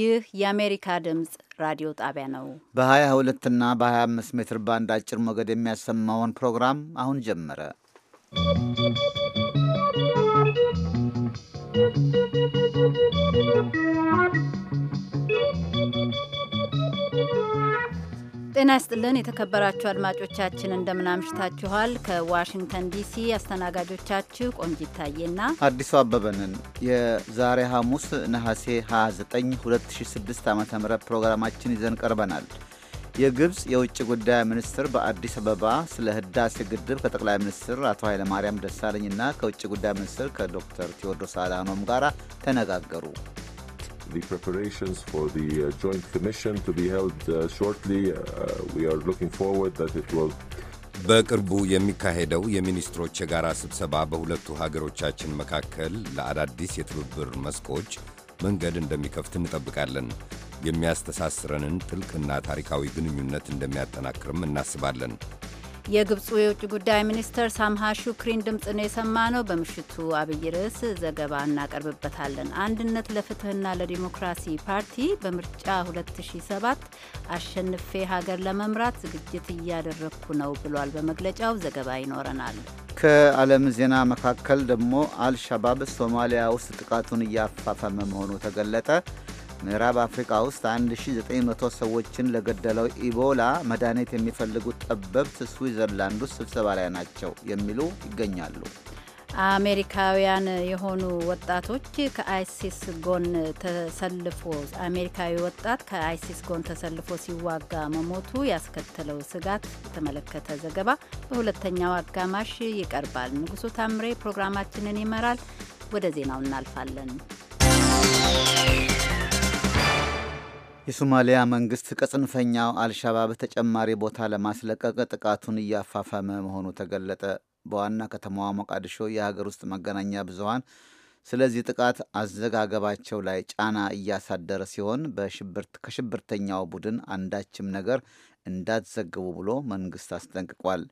ይህ የአሜሪካ ድምፅ ራዲዮ ጣቢያ ነው። በ22 እና በ25 ሜትር ባንድ አጭር ሞገድ የሚያሰማውን ፕሮግራም አሁን ጀመረ። ¶¶ ጤና ይስጥልን የተከበራችሁ አድማጮቻችን እንደምናምሽታችኋል። ከዋሽንግተን ዲሲ አስተናጋጆቻችሁ ቆንጂት ታዬና አዲሱ አበበንን የዛሬ ሐሙስ ነሐሴ 29 2006 ዓ ም ፕሮግራማችን ይዘን ቀርበናል። የግብፅ የውጭ ጉዳይ ሚኒስትር በአዲስ አበባ ስለ ህዳሴ ግድብ ከጠቅላይ ሚኒስትር አቶ ኃይለማርያም ደሳለኝና ከውጭ ጉዳይ ሚኒስትር ከዶክተር ቴዎድሮስ አድሃኖም ጋር ተነጋገሩ። the preparations for the uh, joint commission to be held uh, shortly. Uh, we are looking forward that it will በቅርቡ የሚካሄደው የሚኒስትሮች የጋራ ስብሰባ በሁለቱ ሀገሮቻችን መካከል ለአዳዲስ የትብብር መስኮች መንገድ እንደሚከፍት እንጠብቃለን። የሚያስተሳስረንን ጥልቅና ታሪካዊ ግንኙነት እንደሚያጠናክርም እናስባለን። የግብፁ የውጭ ጉዳይ ሚኒስተር ሳምሃ ሹክሪን ድምፅ ነው የሰማ ነው። በምሽቱ አብይ ርዕስ ዘገባ እናቀርብበታለን። አንድነት ለፍትህና ለዲሞክራሲ ፓርቲ በምርጫ 2007 አሸንፌ ሀገር ለመምራት ዝግጅት እያደረግኩ ነው ብሏል። በመግለጫው ዘገባ ይኖረናል። ከዓለም ዜና መካከል ደግሞ አልሻባብ ሶማሊያ ውስጥ ጥቃቱን እያፋፈመ መሆኑ ተገለጠ። ምዕራብ አፍሪካ ውስጥ 1900 ሰዎችን ለገደለው ኢቦላ መድኃኒት የሚፈልጉት ጠበብት ስዊዘርላንድ ውስጥ ስብሰባ ላይ ናቸው የሚሉ ይገኛሉ። አሜሪካውያን የሆኑ ወጣቶች ከአይሲስ ጎን ተሰልፎ አሜሪካዊ ወጣት ከአይሲስ ጎን ተሰልፎ ሲዋጋ መሞቱ ያስከተለው ስጋት የተመለከተ ዘገባ በሁለተኛው አጋማሽ ይቀርባል። ንጉሱ ታምሬ ፕሮግራማችንን ይመራል። ወደ ዜናው እናልፋለን። የሶማሊያ መንግስት ከጽንፈኛው አልሻባብ ተጨማሪ ቦታ ለማስለቀቅ ጥቃቱን እያፋፈመ መሆኑ ተገለጠ። በዋና ከተማዋ ሞቃዲሾ የሀገር ውስጥ መገናኛ ብዙሀን ስለዚህ ጥቃት አዘጋገባቸው ላይ ጫና እያሳደረ ሲሆን ከሽብርተኛው ቡድን አንዳችም ነገር እንዳትዘግቡ ብሎ መንግስት አስጠንቅቋል።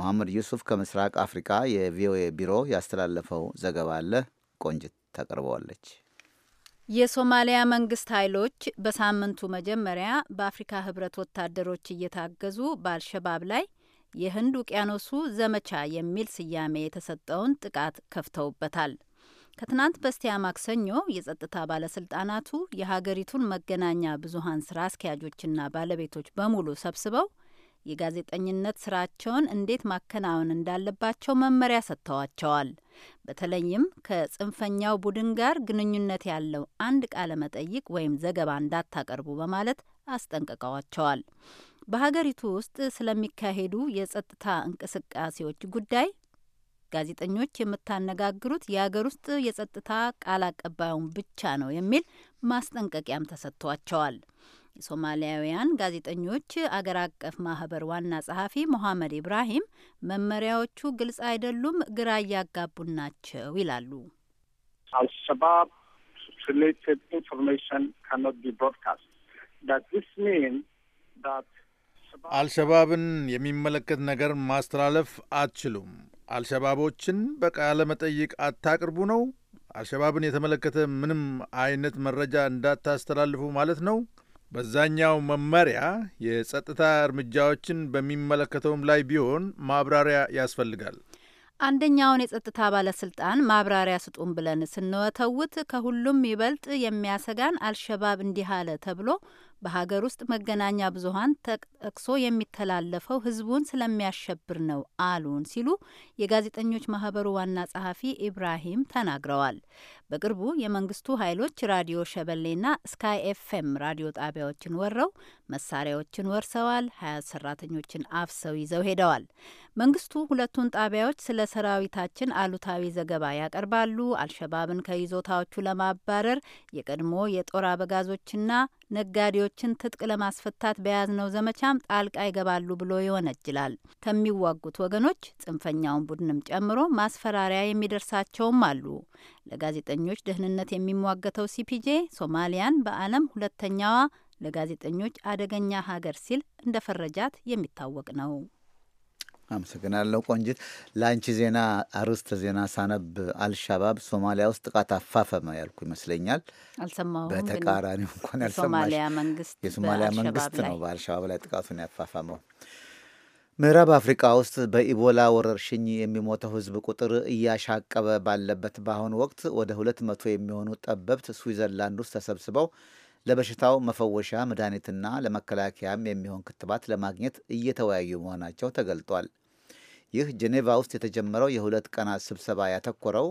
መሐመድ ዩሱፍ ከምስራቅ አፍሪካ የቪኦኤ ቢሮ ያስተላለፈው ዘገባ አለ። ቆንጅት ታቀርበዋለች። የሶማሊያ መንግስት ኃይሎች በሳምንቱ መጀመሪያ በአፍሪካ ህብረት ወታደሮች እየታገዙ በአልሸባብ ላይ የህንድ ውቅያኖሱ ዘመቻ የሚል ስያሜ የተሰጠውን ጥቃት ከፍተውበታል። ከትናንት በስቲያ ማክሰኞ የጸጥታ ባለስልጣናቱ የሀገሪቱን መገናኛ ብዙሀን ስራ አስኪያጆችና ባለቤቶች በሙሉ ሰብስበው የጋዜጠኝነት ስራቸውን እንዴት ማከናወን እንዳለባቸው መመሪያ ሰጥተዋቸዋል። በተለይም ከጽንፈኛው ቡድን ጋር ግንኙነት ያለው አንድ ቃለ መጠይቅ ወይም ዘገባ እንዳታቀርቡ በማለት አስጠንቅቀዋቸዋል። በሀገሪቱ ውስጥ ስለሚካሄዱ የጸጥታ እንቅስቃሴዎች ጉዳይ ጋዜጠኞች የምታነጋግሩት የአገር ውስጥ የጸጥታ ቃል አቀባዩን ብቻ ነው የሚል ማስጠንቀቂያም ተሰጥቷቸዋል። የሶማሊያውያን ጋዜጠኞች አገር አቀፍ ማህበር ዋና ጸሐፊ ሞሐመድ ኢብራሂም መመሪያዎቹ ግልጽ አይደሉም፣ ግራ እያጋቡን ናቸው ይላሉ። አልሸባብ ሪሌትድ ኢንፎርሜሽን ካኖት ቢ ብሮድካስት አልሸባብን የሚመለከት ነገር ማስተላለፍ አትችሉም። አልሸባቦችን በቃለ መጠይቅ አታቅርቡ ነው? አልሸባብን የተመለከተ ምንም አይነት መረጃ እንዳታስተላልፉ ማለት ነው? በዛኛው መመሪያ የጸጥታ እርምጃዎችን በሚመለከተውም ላይ ቢሆን ማብራሪያ ያስፈልጋል። አንደኛውን የጸጥታ ባለስልጣን ማብራሪያ ስጡን ብለን ስንወተውት ከሁሉም ይበልጥ የሚያሰጋን አልሸባብ እንዲህ አለ ተብሎ በሀገር ውስጥ መገናኛ ብዙሀን ተጠቅሶ የሚተላለፈው ህዝቡን ስለሚያሸብር ነው አሉን ሲሉ የጋዜጠኞች ማህበሩ ዋና ጸሐፊ ኢብራሂም ተናግረዋል። በቅርቡ የመንግስቱ ኃይሎች ራዲዮ ሸበሌና ስካይ ኤፍኤም ራዲዮ ጣቢያዎችን ወረው መሳሪያዎችን ወርሰዋል፣ ሀያ ሰራተኞችን አፍሰው ይዘው ሄደዋል። መንግስቱ ሁለቱን ጣቢያዎች ስለ ሰራዊታችን አሉታዊ ዘገባ ያቀርባሉ፣ አልሸባብን ከይዞታዎቹ ለማባረር የቀድሞ የጦር አበጋዞችና ነጋዴዎችን ትጥቅ ለማስፈታት በያዝነው ዘመቻም ጣልቃ ይገባሉ ብሎ ይወነጅላል። ከሚዋጉት ወገኖች ጽንፈኛውን ቡድንም ጨምሮ ማስፈራሪያ የሚደርሳቸውም አሉ። ለጋዜጠኞች ደህንነት የሚሟገተው ሲፒጄ ሶማሊያን በዓለም ሁለተኛዋ ለጋዜጠኞች አደገኛ ሀገር ሲል እንደ ፈረጃት የሚታወቅ ነው። አመሰግናለሁ ቆንጅት። ለአንቺ ዜና አርዕስተ ዜና ሳነብ አልሻባብ ሶማሊያ ውስጥ ጥቃት አፋፈመ ያልኩ ይመስለኛል። አልሰማሁም። በተቃራኒው እንኳን ያልሰማሽ የሶማሊያ መንግስት ነው በአልሻባብ ላይ ጥቃቱን ያፋፈመው። ምዕራብ አፍሪካ ውስጥ በኢቦላ ወረርሽኝ የሚሞተው ሕዝብ ቁጥር እያሻቀበ ባለበት በአሁኑ ወቅት ወደ ሁለት መቶ የሚሆኑ ጠበብት ስዊዘርላንድ ውስጥ ተሰብስበው ለበሽታው መፈወሻ መድኃኒትና ለመከላከያም የሚሆን ክትባት ለማግኘት እየተወያዩ መሆናቸው ተገልጧል። ይህ ጄኔቫ ውስጥ የተጀመረው የሁለት ቀናት ስብሰባ ያተኮረው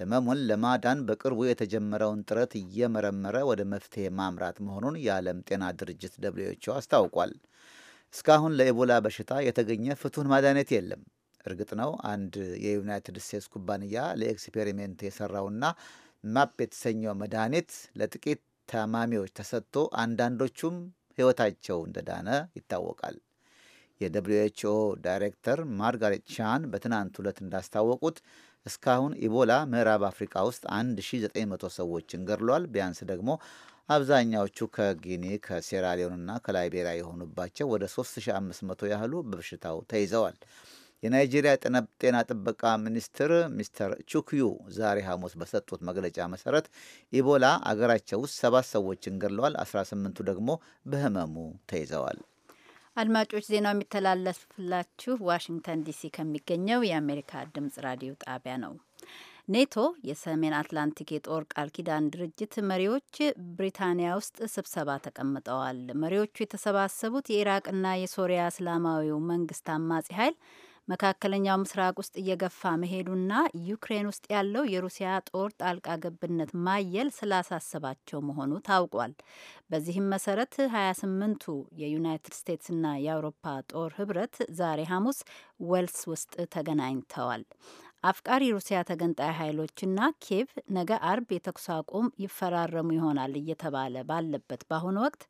ህመሙን ለማዳን በቅርቡ የተጀመረውን ጥረት እየመረመረ ወደ መፍትሄ ማምራት መሆኑን የዓለም ጤና ድርጅት ደብሊውኤችኦ አስታውቋል። እስካሁን ለኢቦላ በሽታ የተገኘ ፍቱን መድኃኒት የለም። እርግጥ ነው አንድ የዩናይትድ ስቴትስ ኩባንያ ለኤክስፔሪሜንት የሰራውና ማፕ የተሰኘው መድኃኒት ለጥቂት ታማሚዎች ተሰጥቶ አንዳንዶቹም ሕይወታቸው እንደዳነ ይታወቃል። የደብሊው ኤችኦ ዳይሬክተር ማርጋሬት ቻን በትናንት ዕለት እንዳስታወቁት እስካሁን ኢቦላ ምዕራብ አፍሪካ ውስጥ 1900 ሰዎችን ገድሏል። ቢያንስ ደግሞ አብዛኛዎቹ ከጊኒ ከሴራሊዮንና ከላይቤሪያ የሆኑባቸው ወደ 3500 ያህሉ በበሽታው ተይዘዋል። የናይጄሪያ ጤና ጥበቃ ሚኒስትር ሚስተር ቹክዩ ዛሬ ሐሙስ በሰጡት መግለጫ መሰረት ኢቦላ አገራቸው ውስጥ ሰባት ሰዎችን ገድለዋል፣ 18ቱ ደግሞ በህመሙ ተይዘዋል። አድማጮች ዜናው የሚተላለፍላችሁ ዋሽንግተን ዲሲ ከሚገኘው የአሜሪካ ድምጽ ራዲዮ ጣቢያ ነው። ኔቶ የሰሜን አትላንቲክ የጦር ቃል ኪዳን ድርጅት መሪዎች ብሪታንያ ውስጥ ስብሰባ ተቀምጠዋል። መሪዎቹ የተሰባሰቡት የኢራቅና የሶሪያ እስላማዊው መንግስት አማጺ ኃይል መካከለኛው ምስራቅ ውስጥ እየገፋ መሄዱና ዩክሬን ውስጥ ያለው የሩሲያ ጦር ጣልቃ ገብነት ማየል ስላሳሰባቸው መሆኑ ታውቋል። በዚህም መሰረት 28ቱ የዩናይትድ ስቴትስና የአውሮፓ ጦር ህብረት ዛሬ ሐሙስ ዌልስ ውስጥ ተገናኝተዋል። አፍቃሪ ሩሲያ ተገንጣይ ኃይሎችና ኬቭ ነገ አርብ የተኩስ አቁም ይፈራረሙ ይሆናል እየተባለ ባለበት በአሁኑ ወቅት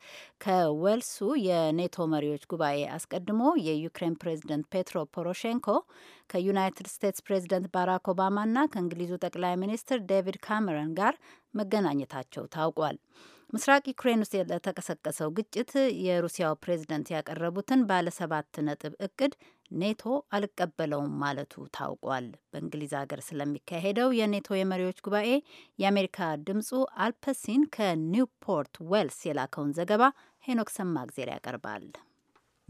ከዌልሱ የኔቶ መሪዎች ጉባኤ አስቀድሞ የዩክሬን ፕሬዚደንት ፔትሮ ፖሮሼንኮ ከዩናይትድ ስቴትስ ፕሬዝደንት ባራክ ኦባማና ከእንግሊዙ ጠቅላይ ሚኒስትር ዴቪድ ካሜሮን ጋር መገናኘታቸው ታውቋል። ምስራቅ ዩክሬን ውስጥ ለተቀሰቀሰው ግጭት የሩሲያው ፕሬዝደንት ያቀረቡትን ባለ ሰባት ነጥብ እቅድ ኔቶ አልቀበለውም ማለቱ ታውቋል። በእንግሊዝ ሀገር ስለሚካሄደው የኔቶ የመሪዎች ጉባኤ የአሜሪካ ድምፁ አልፐሲን ከኒውፖርት ዌልስ የላከውን ዘገባ ሄኖክ ሰማግዜር ያቀርባል።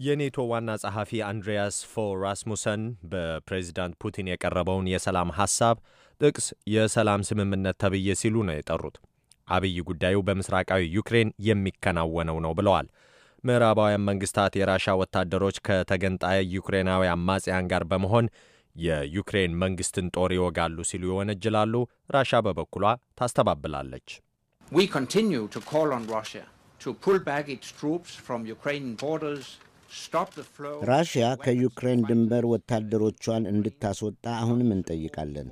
የኔቶ ዋና ጸሐፊ አንድሪያስ ፎ ራስሙሰን በፕሬዚዳንት ፑቲን የቀረበውን የሰላም ሐሳብ ጥቅስ የሰላም ስምምነት ተብዬ ሲሉ ነው የጠሩት። አብይ ጉዳዩ በምስራቃዊ ዩክሬን የሚከናወነው ነው ብለዋል። ምዕራባውያን መንግስታት የራሻ ወታደሮች ከተገንጣይ ዩክሬናዊ አማጽያን ጋር በመሆን የዩክሬን መንግስትን ጦር ይወጋሉ ሲሉ ይወነጅላሉ። ራሻ በበኩሏ ታስተባብላለች። ራሽያ ከዩክሬን ድንበር ወታደሮቿን እንድታስወጣ አሁንም እንጠይቃለን።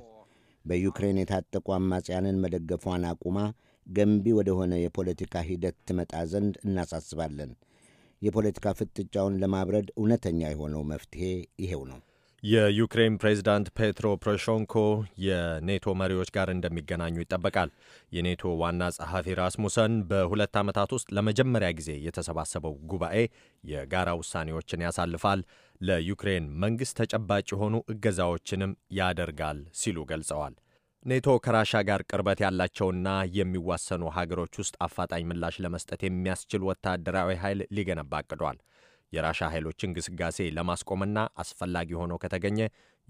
በዩክሬን የታጠቁ አማጽያንን መደገፏን አቁማ ገንቢ ወደሆነ የፖለቲካ ሂደት ትመጣ ዘንድ እናሳስባለን። የፖለቲካ ፍጥጫውን ለማብረድ እውነተኛ የሆነው መፍትሄ ይሄው ነው። የዩክሬን ፕሬዚዳንት ፔትሮ ፖሮሼንኮ የኔቶ መሪዎች ጋር እንደሚገናኙ ይጠበቃል። የኔቶ ዋና ጸሐፊ ራስሙሰን በሁለት ዓመታት ውስጥ ለመጀመሪያ ጊዜ የተሰባሰበው ጉባኤ የጋራ ውሳኔዎችን ያሳልፋል፣ ለዩክሬን መንግሥት ተጨባጭ የሆኑ እገዛዎችንም ያደርጋል ሲሉ ገልጸዋል። ኔቶ ከራሻ ጋር ቅርበት ያላቸውና የሚዋሰኑ ሀገሮች ውስጥ አፋጣኝ ምላሽ ለመስጠት የሚያስችል ወታደራዊ ኃይል ሊገነባ አቅዷል። የራሻ ኃይሎች እንግስጋሴ ለማስቆምና አስፈላጊ ሆኖ ከተገኘ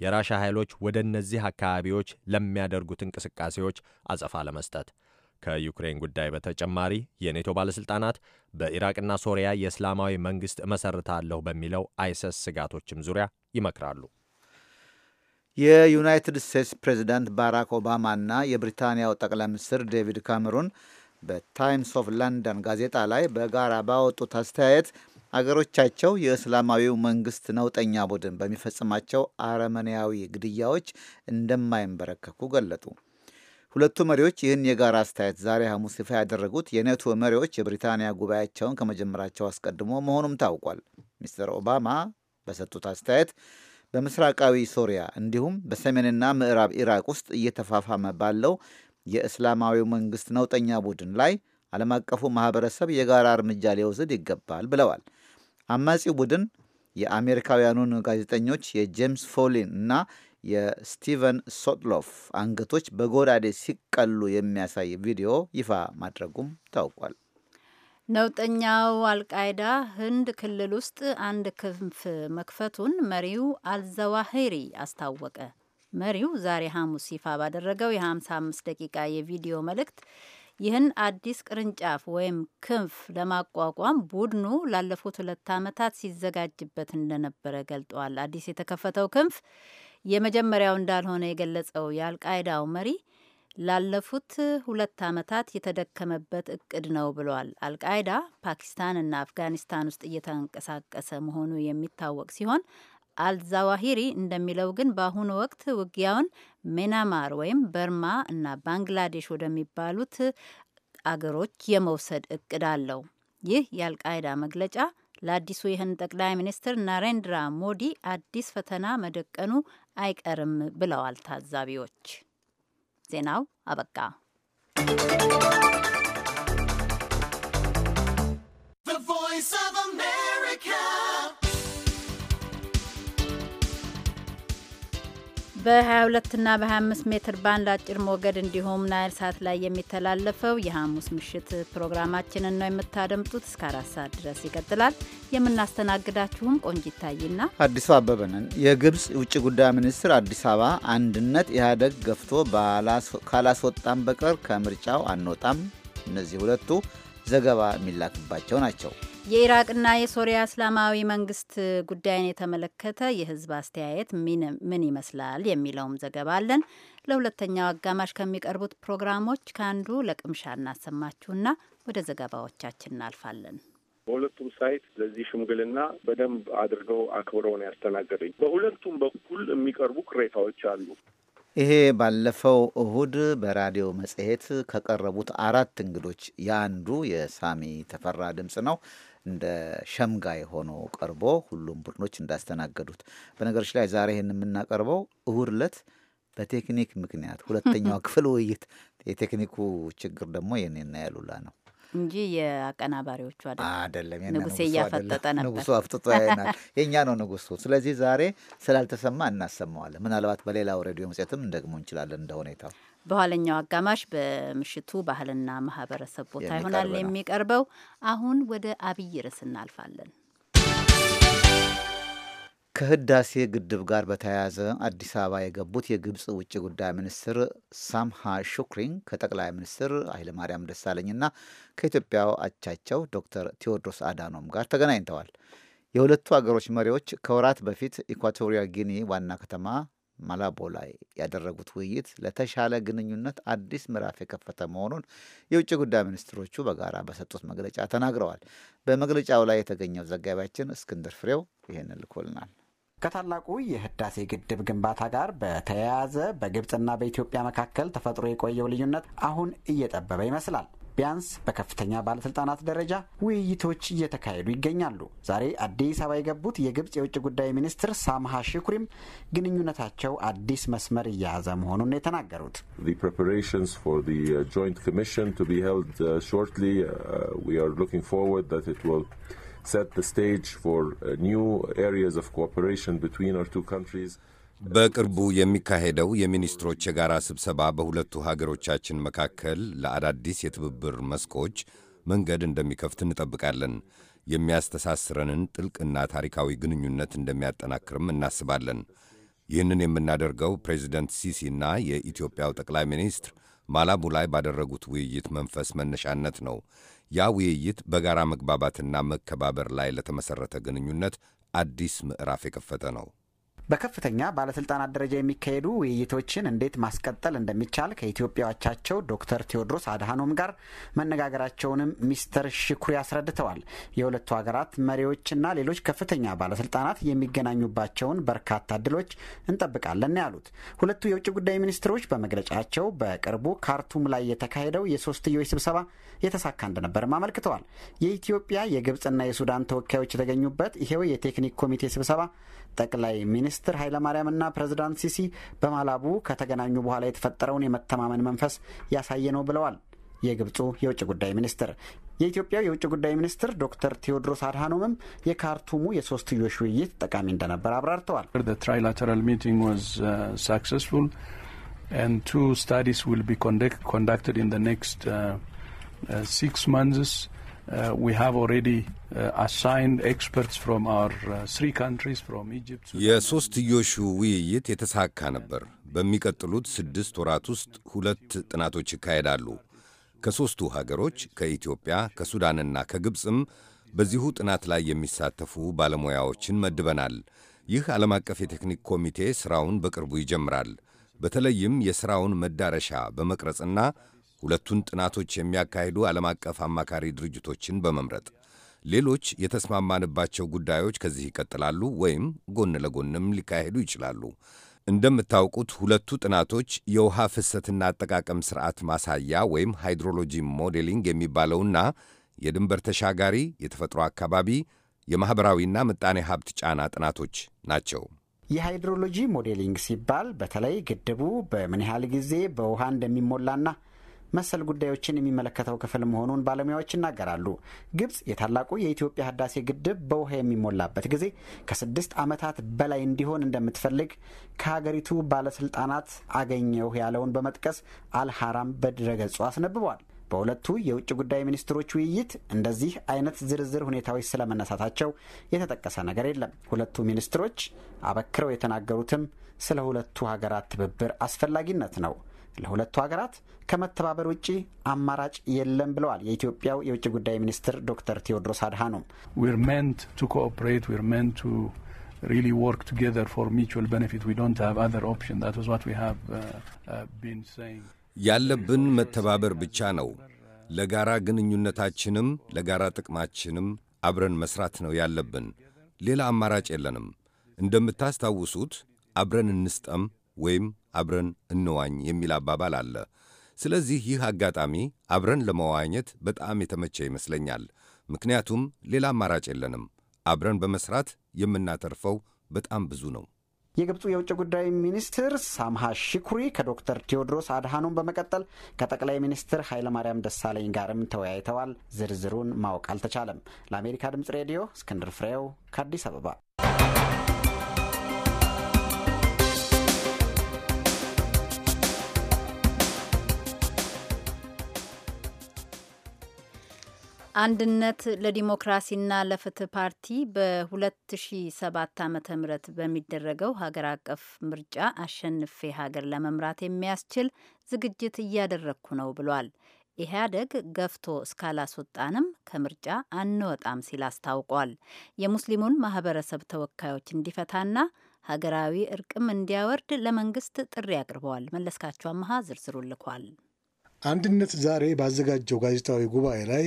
የራሻ ኃይሎች ወደ እነዚህ አካባቢዎች ለሚያደርጉት እንቅስቃሴዎች አጸፋ ለመስጠት ከዩክሬን ጉዳይ በተጨማሪ የኔቶ ባለሥልጣናት በኢራቅና ሶሪያ የእስላማዊ መንግሥት እመሠርታለሁ በሚለው አይሰስ ስጋቶችም ዙሪያ ይመክራሉ። የዩናይትድ ስቴትስ ፕሬዚዳንት ባራክ ኦባማና የብሪታንያው ጠቅላይ ሚኒስትር ዴቪድ ካሜሩን በታይምስ ኦፍ ለንደን ጋዜጣ ላይ በጋራ ባወጡት አስተያየት አገሮቻቸው የእስላማዊው መንግስት ነውጠኛ ቡድን በሚፈጽማቸው አረመኔያዊ ግድያዎች እንደማይንበረከኩ ገለጡ። ሁለቱ መሪዎች ይህን የጋራ አስተያየት ዛሬ ሐሙስ ይፋ ያደረጉት የኔቶ መሪዎች የብሪታንያ ጉባኤያቸውን ከመጀመራቸው አስቀድሞ መሆኑም ታውቋል። ሚስተር ኦባማ በሰጡት አስተያየት በምስራቃዊ ሶሪያ እንዲሁም በሰሜንና ምዕራብ ኢራቅ ውስጥ እየተፋፋመ ባለው የእስላማዊው መንግስት ነውጠኛ ቡድን ላይ ዓለም አቀፉ ማህበረሰብ የጋራ እርምጃ ሊወስድ ይገባል ብለዋል። አማጺው ቡድን የአሜሪካውያኑን ጋዜጠኞች የጄምስ ፎሊን እና የስቲቨን ሶትሎፍ አንገቶች በጎራዴ ሲቀሉ የሚያሳይ ቪዲዮ ይፋ ማድረጉም ታውቋል። ነውጠኛው አልቃይዳ ህንድ ክልል ውስጥ አንድ ክንፍ መክፈቱን መሪው አልዘዋሂሪ አስታወቀ። መሪው ዛሬ ሐሙስ ይፋ ባደረገው የ55 ደቂቃ የቪዲዮ መልእክት ይህን አዲስ ቅርንጫፍ ወይም ክንፍ ለማቋቋም ቡድኑ ላለፉት ሁለት ዓመታት ሲዘጋጅበት እንደነበረ ገልጧል። አዲስ የተከፈተው ክንፍ የመጀመሪያው እንዳልሆነ የገለጸው የአልቃይዳው መሪ ላለፉት ሁለት ዓመታት የተደከመበት እቅድ ነው ብሏል። አልቃይዳ ፓኪስታንና አፍጋኒስታን ውስጥ እየተንቀሳቀሰ መሆኑ የሚታወቅ ሲሆን አልዛዋሂሪ እንደሚለው ግን በአሁኑ ወቅት ውጊያውን ሜናማር ወይም በርማ እና ባንግላዴሽ ወደሚባሉት አገሮች የመውሰድ እቅድ አለው። ይህ የአልቃይዳ መግለጫ ለአዲሱ ይህን ጠቅላይ ሚኒስትር ናሬንድራ ሞዲ አዲስ ፈተና መደቀኑ አይቀርም ብለዋል ታዛቢዎች። ዜናው አበቃ። በ22 እና በ25 ሜትር ባንድ አጭር ሞገድ እንዲሁም ናይል ሳት ላይ የሚተላለፈው የሐሙስ ምሽት ፕሮግራማችንን ነው የምታደምጡት። እስከ አራት ሰዓት ድረስ ይቀጥላል። የምናስተናግዳችሁም ቆንጅ ይታይና አዲሱ አበበ ነን። የግብፅ ውጭ ጉዳይ ሚኒስትር አዲስ አበባ አንድነት ኢህአዴግ ገፍቶ ካላስወጣም በቀር ከምርጫው አንወጣም፣ እነዚህ ሁለቱ ዘገባ የሚላክባቸው ናቸው። የኢራቅና የሶሪያ እስላማዊ መንግስት ጉዳይን የተመለከተ የህዝብ አስተያየት ምን ይመስላል የሚለውም ዘገባ አለን። ለሁለተኛው አጋማሽ ከሚቀርቡት ፕሮግራሞች ከአንዱ ለቅምሻ እናሰማችሁና ወደ ዘገባዎቻችን እናልፋለን። በሁለቱም ሳይት ለዚህ ሽምግልና በደንብ አድርገው አክብረው ነው ያስተናገደኝ። በሁለቱም በኩል የሚቀርቡ ቅሬታዎች አሉ። ይሄ ባለፈው እሁድ በራዲዮ መጽሔት ከቀረቡት አራት እንግዶች የአንዱ የሳሚ ተፈራ ድምፅ ነው። እንደ ሸምጋይ ሆኖ ቀርቦ ሁሉም ቡድኖች እንዳስተናገዱት። በነገሮች ላይ ዛሬ ይህን የምናቀርበው እሁድ ዕለት በቴክኒክ ምክንያት ሁለተኛው ክፍል ውይይት፣ የቴክኒኩ ችግር ደግሞ የኔና ያሉላ ነው እንጂ የአቀናባሪዎቹ አይደለም። ንጉሴ እያፈጠጠ ነበር። ንጉሱ አፍጥጦ ያይናል። የእኛ ነው ንጉሱ። ስለዚህ ዛሬ ስላልተሰማ እናሰማዋለን። ምናልባት በሌላው ሬዲዮ መጽሔትም እንደግሞ እንችላለን እንደ ሁኔታው። በኋለኛው አጋማሽ በምሽቱ ባህልና ማህበረሰብ ቦታ ይሆናል የሚቀርበው። አሁን ወደ አብይ ርዕስ እናልፋለን። ከህዳሴ ግድብ ጋር በተያያዘ አዲስ አበባ የገቡት የግብፅ ውጭ ጉዳይ ሚኒስትር ሳምሃ ሹክሪን ከጠቅላይ ሚኒስትር ኃይለማርያም ደሳለኝና ከኢትዮጵያው አቻቸው ዶክተር ቴዎድሮስ አዳኖም ጋር ተገናኝተዋል። የሁለቱ አገሮች መሪዎች ከወራት በፊት ኢኳቶሪያ ጊኒ ዋና ከተማ ማላቦ ላይ ያደረጉት ውይይት ለተሻለ ግንኙነት አዲስ ምዕራፍ የከፈተ መሆኑን የውጭ ጉዳይ ሚኒስትሮቹ በጋራ በሰጡት መግለጫ ተናግረዋል። በመግለጫው ላይ የተገኘው ዘጋቢያችን እስክንድር ፍሬው ይህንን ልኮልናል። ከታላቁ የህዳሴ ግድብ ግንባታ ጋር በተያያዘ በግብፅና በኢትዮጵያ መካከል ተፈጥሮ የቆየው ልዩነት አሁን እየጠበበ ይመስላል። ቢያንስ በከፍተኛ ባለስልጣናት ደረጃ ውይይቶች እየተካሄዱ ይገኛሉ። ዛሬ አዲስ አበባ የገቡት የግብጽ የውጭ ጉዳይ ሚኒስትር ሳምሃ ሽኩሪም ግንኙነታቸው አዲስ መስመር እየያዘ መሆኑን የተናገሩት uh, uh, uh, set the stage for uh, new areas of cooperation between our two countries. በቅርቡ የሚካሄደው የሚኒስትሮች የጋራ ስብሰባ በሁለቱ ሀገሮቻችን መካከል ለአዳዲስ የትብብር መስኮች መንገድ እንደሚከፍት እንጠብቃለን። የሚያስተሳስረንን ጥልቅና ታሪካዊ ግንኙነት እንደሚያጠናክርም እናስባለን። ይህንን የምናደርገው ፕሬዚደንት ሲሲ እና የኢትዮጵያው ጠቅላይ ሚኒስትር ማላቡ ላይ ባደረጉት ውይይት መንፈስ መነሻነት ነው። ያ ውይይት በጋራ መግባባትና መከባበር ላይ ለተመሠረተ ግንኙነት አዲስ ምዕራፍ የከፈተ ነው። በከፍተኛ ባለስልጣናት ደረጃ የሚካሄዱ ውይይቶችን እንዴት ማስቀጠል እንደሚቻል ከኢትዮጵያ አቻቸው ዶክተር ቴዎድሮስ አድሃኖም ጋር መነጋገራቸውንም ሚስተር ሽኩሪ አስረድተዋል። የሁለቱ ሀገራት መሪዎችና ሌሎች ከፍተኛ ባለስልጣናት የሚገናኙባቸውን በርካታ እድሎች እንጠብቃለን ያሉት ሁለቱ የውጭ ጉዳይ ሚኒስትሮች በመግለጫቸው በቅርቡ ካርቱም ላይ የተካሄደው የሶስትዮሽ ስብሰባ የተሳካ እንደነበርም አመልክተዋል። የኢትዮጵያ የግብፅና የሱዳን ተወካዮች የተገኙበት ይሄው የቴክኒክ ኮሚቴ ስብሰባ ጠቅላይ ሚኒስትር ኃይለማርያምና ፕሬዝዳንት ሲሲ በማላቡ ከተገናኙ በኋላ የተፈጠረውን የመተማመን መንፈስ ያሳየ ነው ብለዋል የግብፁ የውጭ ጉዳይ ሚኒስትር። የኢትዮጵያው የውጭ ጉዳይ ሚኒስትር ዶክተር ቴዎድሮስ አድሃኖምም የካርቱሙ የሶስትዮሽ ውይይት ጠቃሚ እንደነበር አብራርተዋል። ትራይላተራል ሚቲንግ ዋዝ ሳክሰስፉል and two studies will Uh, uh, uh, የሦስትዮሹ ውይይት የተሳካ ነበር። በሚቀጥሉት ስድስት ወራት ውስጥ ሁለት ጥናቶች ይካሄዳሉ። ከሦስቱ ሀገሮች ከኢትዮጵያ፣ ከሱዳንና ከግብፅም በዚሁ ጥናት ላይ የሚሳተፉ ባለሙያዎችን መድበናል። ይህ ዓለም አቀፍ የቴክኒክ ኮሚቴ ሥራውን በቅርቡ ይጀምራል። በተለይም የሥራውን መዳረሻ በመቅረጽና ሁለቱን ጥናቶች የሚያካሂዱ ዓለም አቀፍ አማካሪ ድርጅቶችን በመምረጥ ሌሎች የተስማማንባቸው ጉዳዮች ከዚህ ይቀጥላሉ ወይም ጎን ለጎንም ሊካሄዱ ይችላሉ። እንደምታውቁት ሁለቱ ጥናቶች የውሃ ፍሰትና አጠቃቀም ስርዓት ማሳያ ወይም ሃይድሮሎጂ ሞዴሊንግ የሚባለውና የድንበር ተሻጋሪ የተፈጥሮ አካባቢ የማኅበራዊና ምጣኔ ሀብት ጫና ጥናቶች ናቸው። የሃይድሮሎጂ ሞዴሊንግ ሲባል በተለይ ግድቡ በምን ያህል ጊዜ በውሃ እንደሚሞላና መሰል ጉዳዮችን የሚመለከተው ክፍል መሆኑን ባለሙያዎች ይናገራሉ። ግብጽ የታላቁ የኢትዮጵያ ህዳሴ ግድብ በውሃ የሚሞላበት ጊዜ ከስድስት ዓመታት በላይ እንዲሆን እንደምትፈልግ ከሀገሪቱ ባለስልጣናት አገኘሁ ያለውን በመጥቀስ አልሐራም በድረገጹ አስነብቧል። በሁለቱ የውጭ ጉዳይ ሚኒስትሮች ውይይት እንደዚህ አይነት ዝርዝር ሁኔታዎች ስለመነሳታቸው የተጠቀሰ ነገር የለም። ሁለቱ ሚኒስትሮች አበክረው የተናገሩትም ስለ ሁለቱ ሀገራት ትብብር አስፈላጊነት ነው። ለሁለቱ ሀገራት ከመተባበር ውጪ አማራጭ የለም ብለዋል የኢትዮጵያው የውጭ ጉዳይ ሚኒስትር ዶክተር ቴዎድሮስ አድሃኖም ያለብን መተባበር ብቻ ነው። ለጋራ ግንኙነታችንም ለጋራ ጥቅማችንም አብረን መስራት ነው ያለብን። ሌላ አማራጭ የለንም። እንደምታስታውሱት አብረን እንስጠም ወይም አብረን እንዋኝ የሚል አባባል አለ። ስለዚህ ይህ አጋጣሚ አብረን ለመዋኘት በጣም የተመቸ ይመስለኛል። ምክንያቱም ሌላ አማራጭ የለንም። አብረን በመስራት የምናተርፈው በጣም ብዙ ነው። የግብፁ የውጭ ጉዳይ ሚኒስትር ሳምሃ ሺኩሪ ከዶክተር ቴዎድሮስ አድሃኖም በመቀጠል ከጠቅላይ ሚኒስትር ኃይለማርያም ደሳለኝ ጋርም ተወያይተዋል። ዝርዝሩን ማወቅ አልተቻለም። ለአሜሪካ ድምፅ ሬዲዮ እስክንድር ፍሬው ከአዲስ አበባ አንድነት ለዲሞክራሲና ለፍትህ ፓርቲ በ2007 ዓ ም በሚደረገው ሀገር አቀፍ ምርጫ አሸንፌ ሀገር ለመምራት የሚያስችል ዝግጅት እያደረግኩ ነው ብሏል። ኢህአደግ ገፍቶ እስካላስወጣንም ከምርጫ አንወጣም ሲል አስታውቋል። የሙስሊሙን ማህበረሰብ ተወካዮች እንዲፈታና ሀገራዊ እርቅም እንዲያወርድ ለመንግስት ጥሪ አቅርበዋል። መለስካቸው አመሀ ዝርዝሩ ልኳል። አንድነት ዛሬ ባዘጋጀው ጋዜጣዊ ጉባኤ ላይ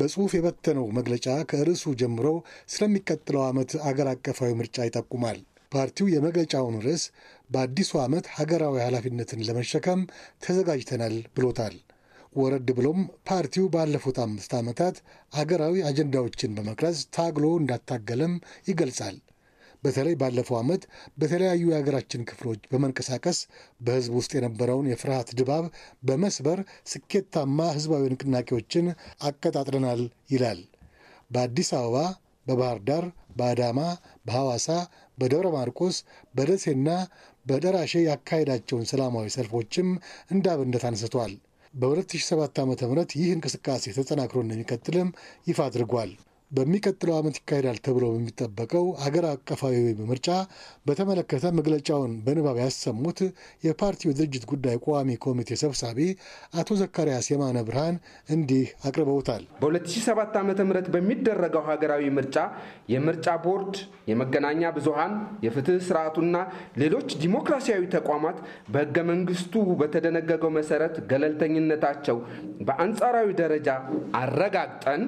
በጽሑፍ የበተነው መግለጫ ከርዕሱ ጀምሮ ስለሚቀጥለው ዓመት አገር አቀፋዊ ምርጫ ይጠቁማል። ፓርቲው የመግለጫውን ርዕስ በአዲሱ ዓመት ሀገራዊ ኃላፊነትን ለመሸከም ተዘጋጅተናል ብሎታል። ወረድ ብሎም ፓርቲው ባለፉት አምስት ዓመታት አገራዊ አጀንዳዎችን በመቅረጽ ታግሎ እንዳታገለም ይገልጻል። በተለይ ባለፈው ዓመት በተለያዩ የሀገራችን ክፍሎች በመንቀሳቀስ በህዝብ ውስጥ የነበረውን የፍርሃት ድባብ በመስበር ስኬታማ ህዝባዊ ንቅናቄዎችን አቀጣጥለናል ይላል። በአዲስ አበባ፣ በባህር ዳር፣ በአዳማ፣ በሐዋሳ፣ በደብረ ማርቆስ፣ በደሴና በደራሼ ያካሄዳቸውን ሰላማዊ ሰልፎችም እንዳብነት አንስቷል። በ2007 ዓ ም ይህ እንቅስቃሴ ተጠናክሮ እንደሚቀጥልም ይፋ አድርጓል። በሚቀጥለው ዓመት ይካሄዳል ተብሎ በሚጠበቀው አገር አቀፋዊ ምርጫ በተመለከተ መግለጫውን በንባብ ያሰሙት የፓርቲው ድርጅት ጉዳይ ቋሚ ኮሚቴ ሰብሳቢ አቶ ዘካርያስ የማነ ብርሃን እንዲህ አቅርበውታል። በ2007 ዓ ም በሚደረገው ሀገራዊ ምርጫ የምርጫ ቦርድ፣ የመገናኛ ብዙሃን፣ የፍትህ ስርዓቱና ሌሎች ዲሞክራሲያዊ ተቋማት በህገ መንግስቱ በተደነገገው መሰረት ገለልተኝነታቸው በአንጻራዊ ደረጃ አረጋግጠን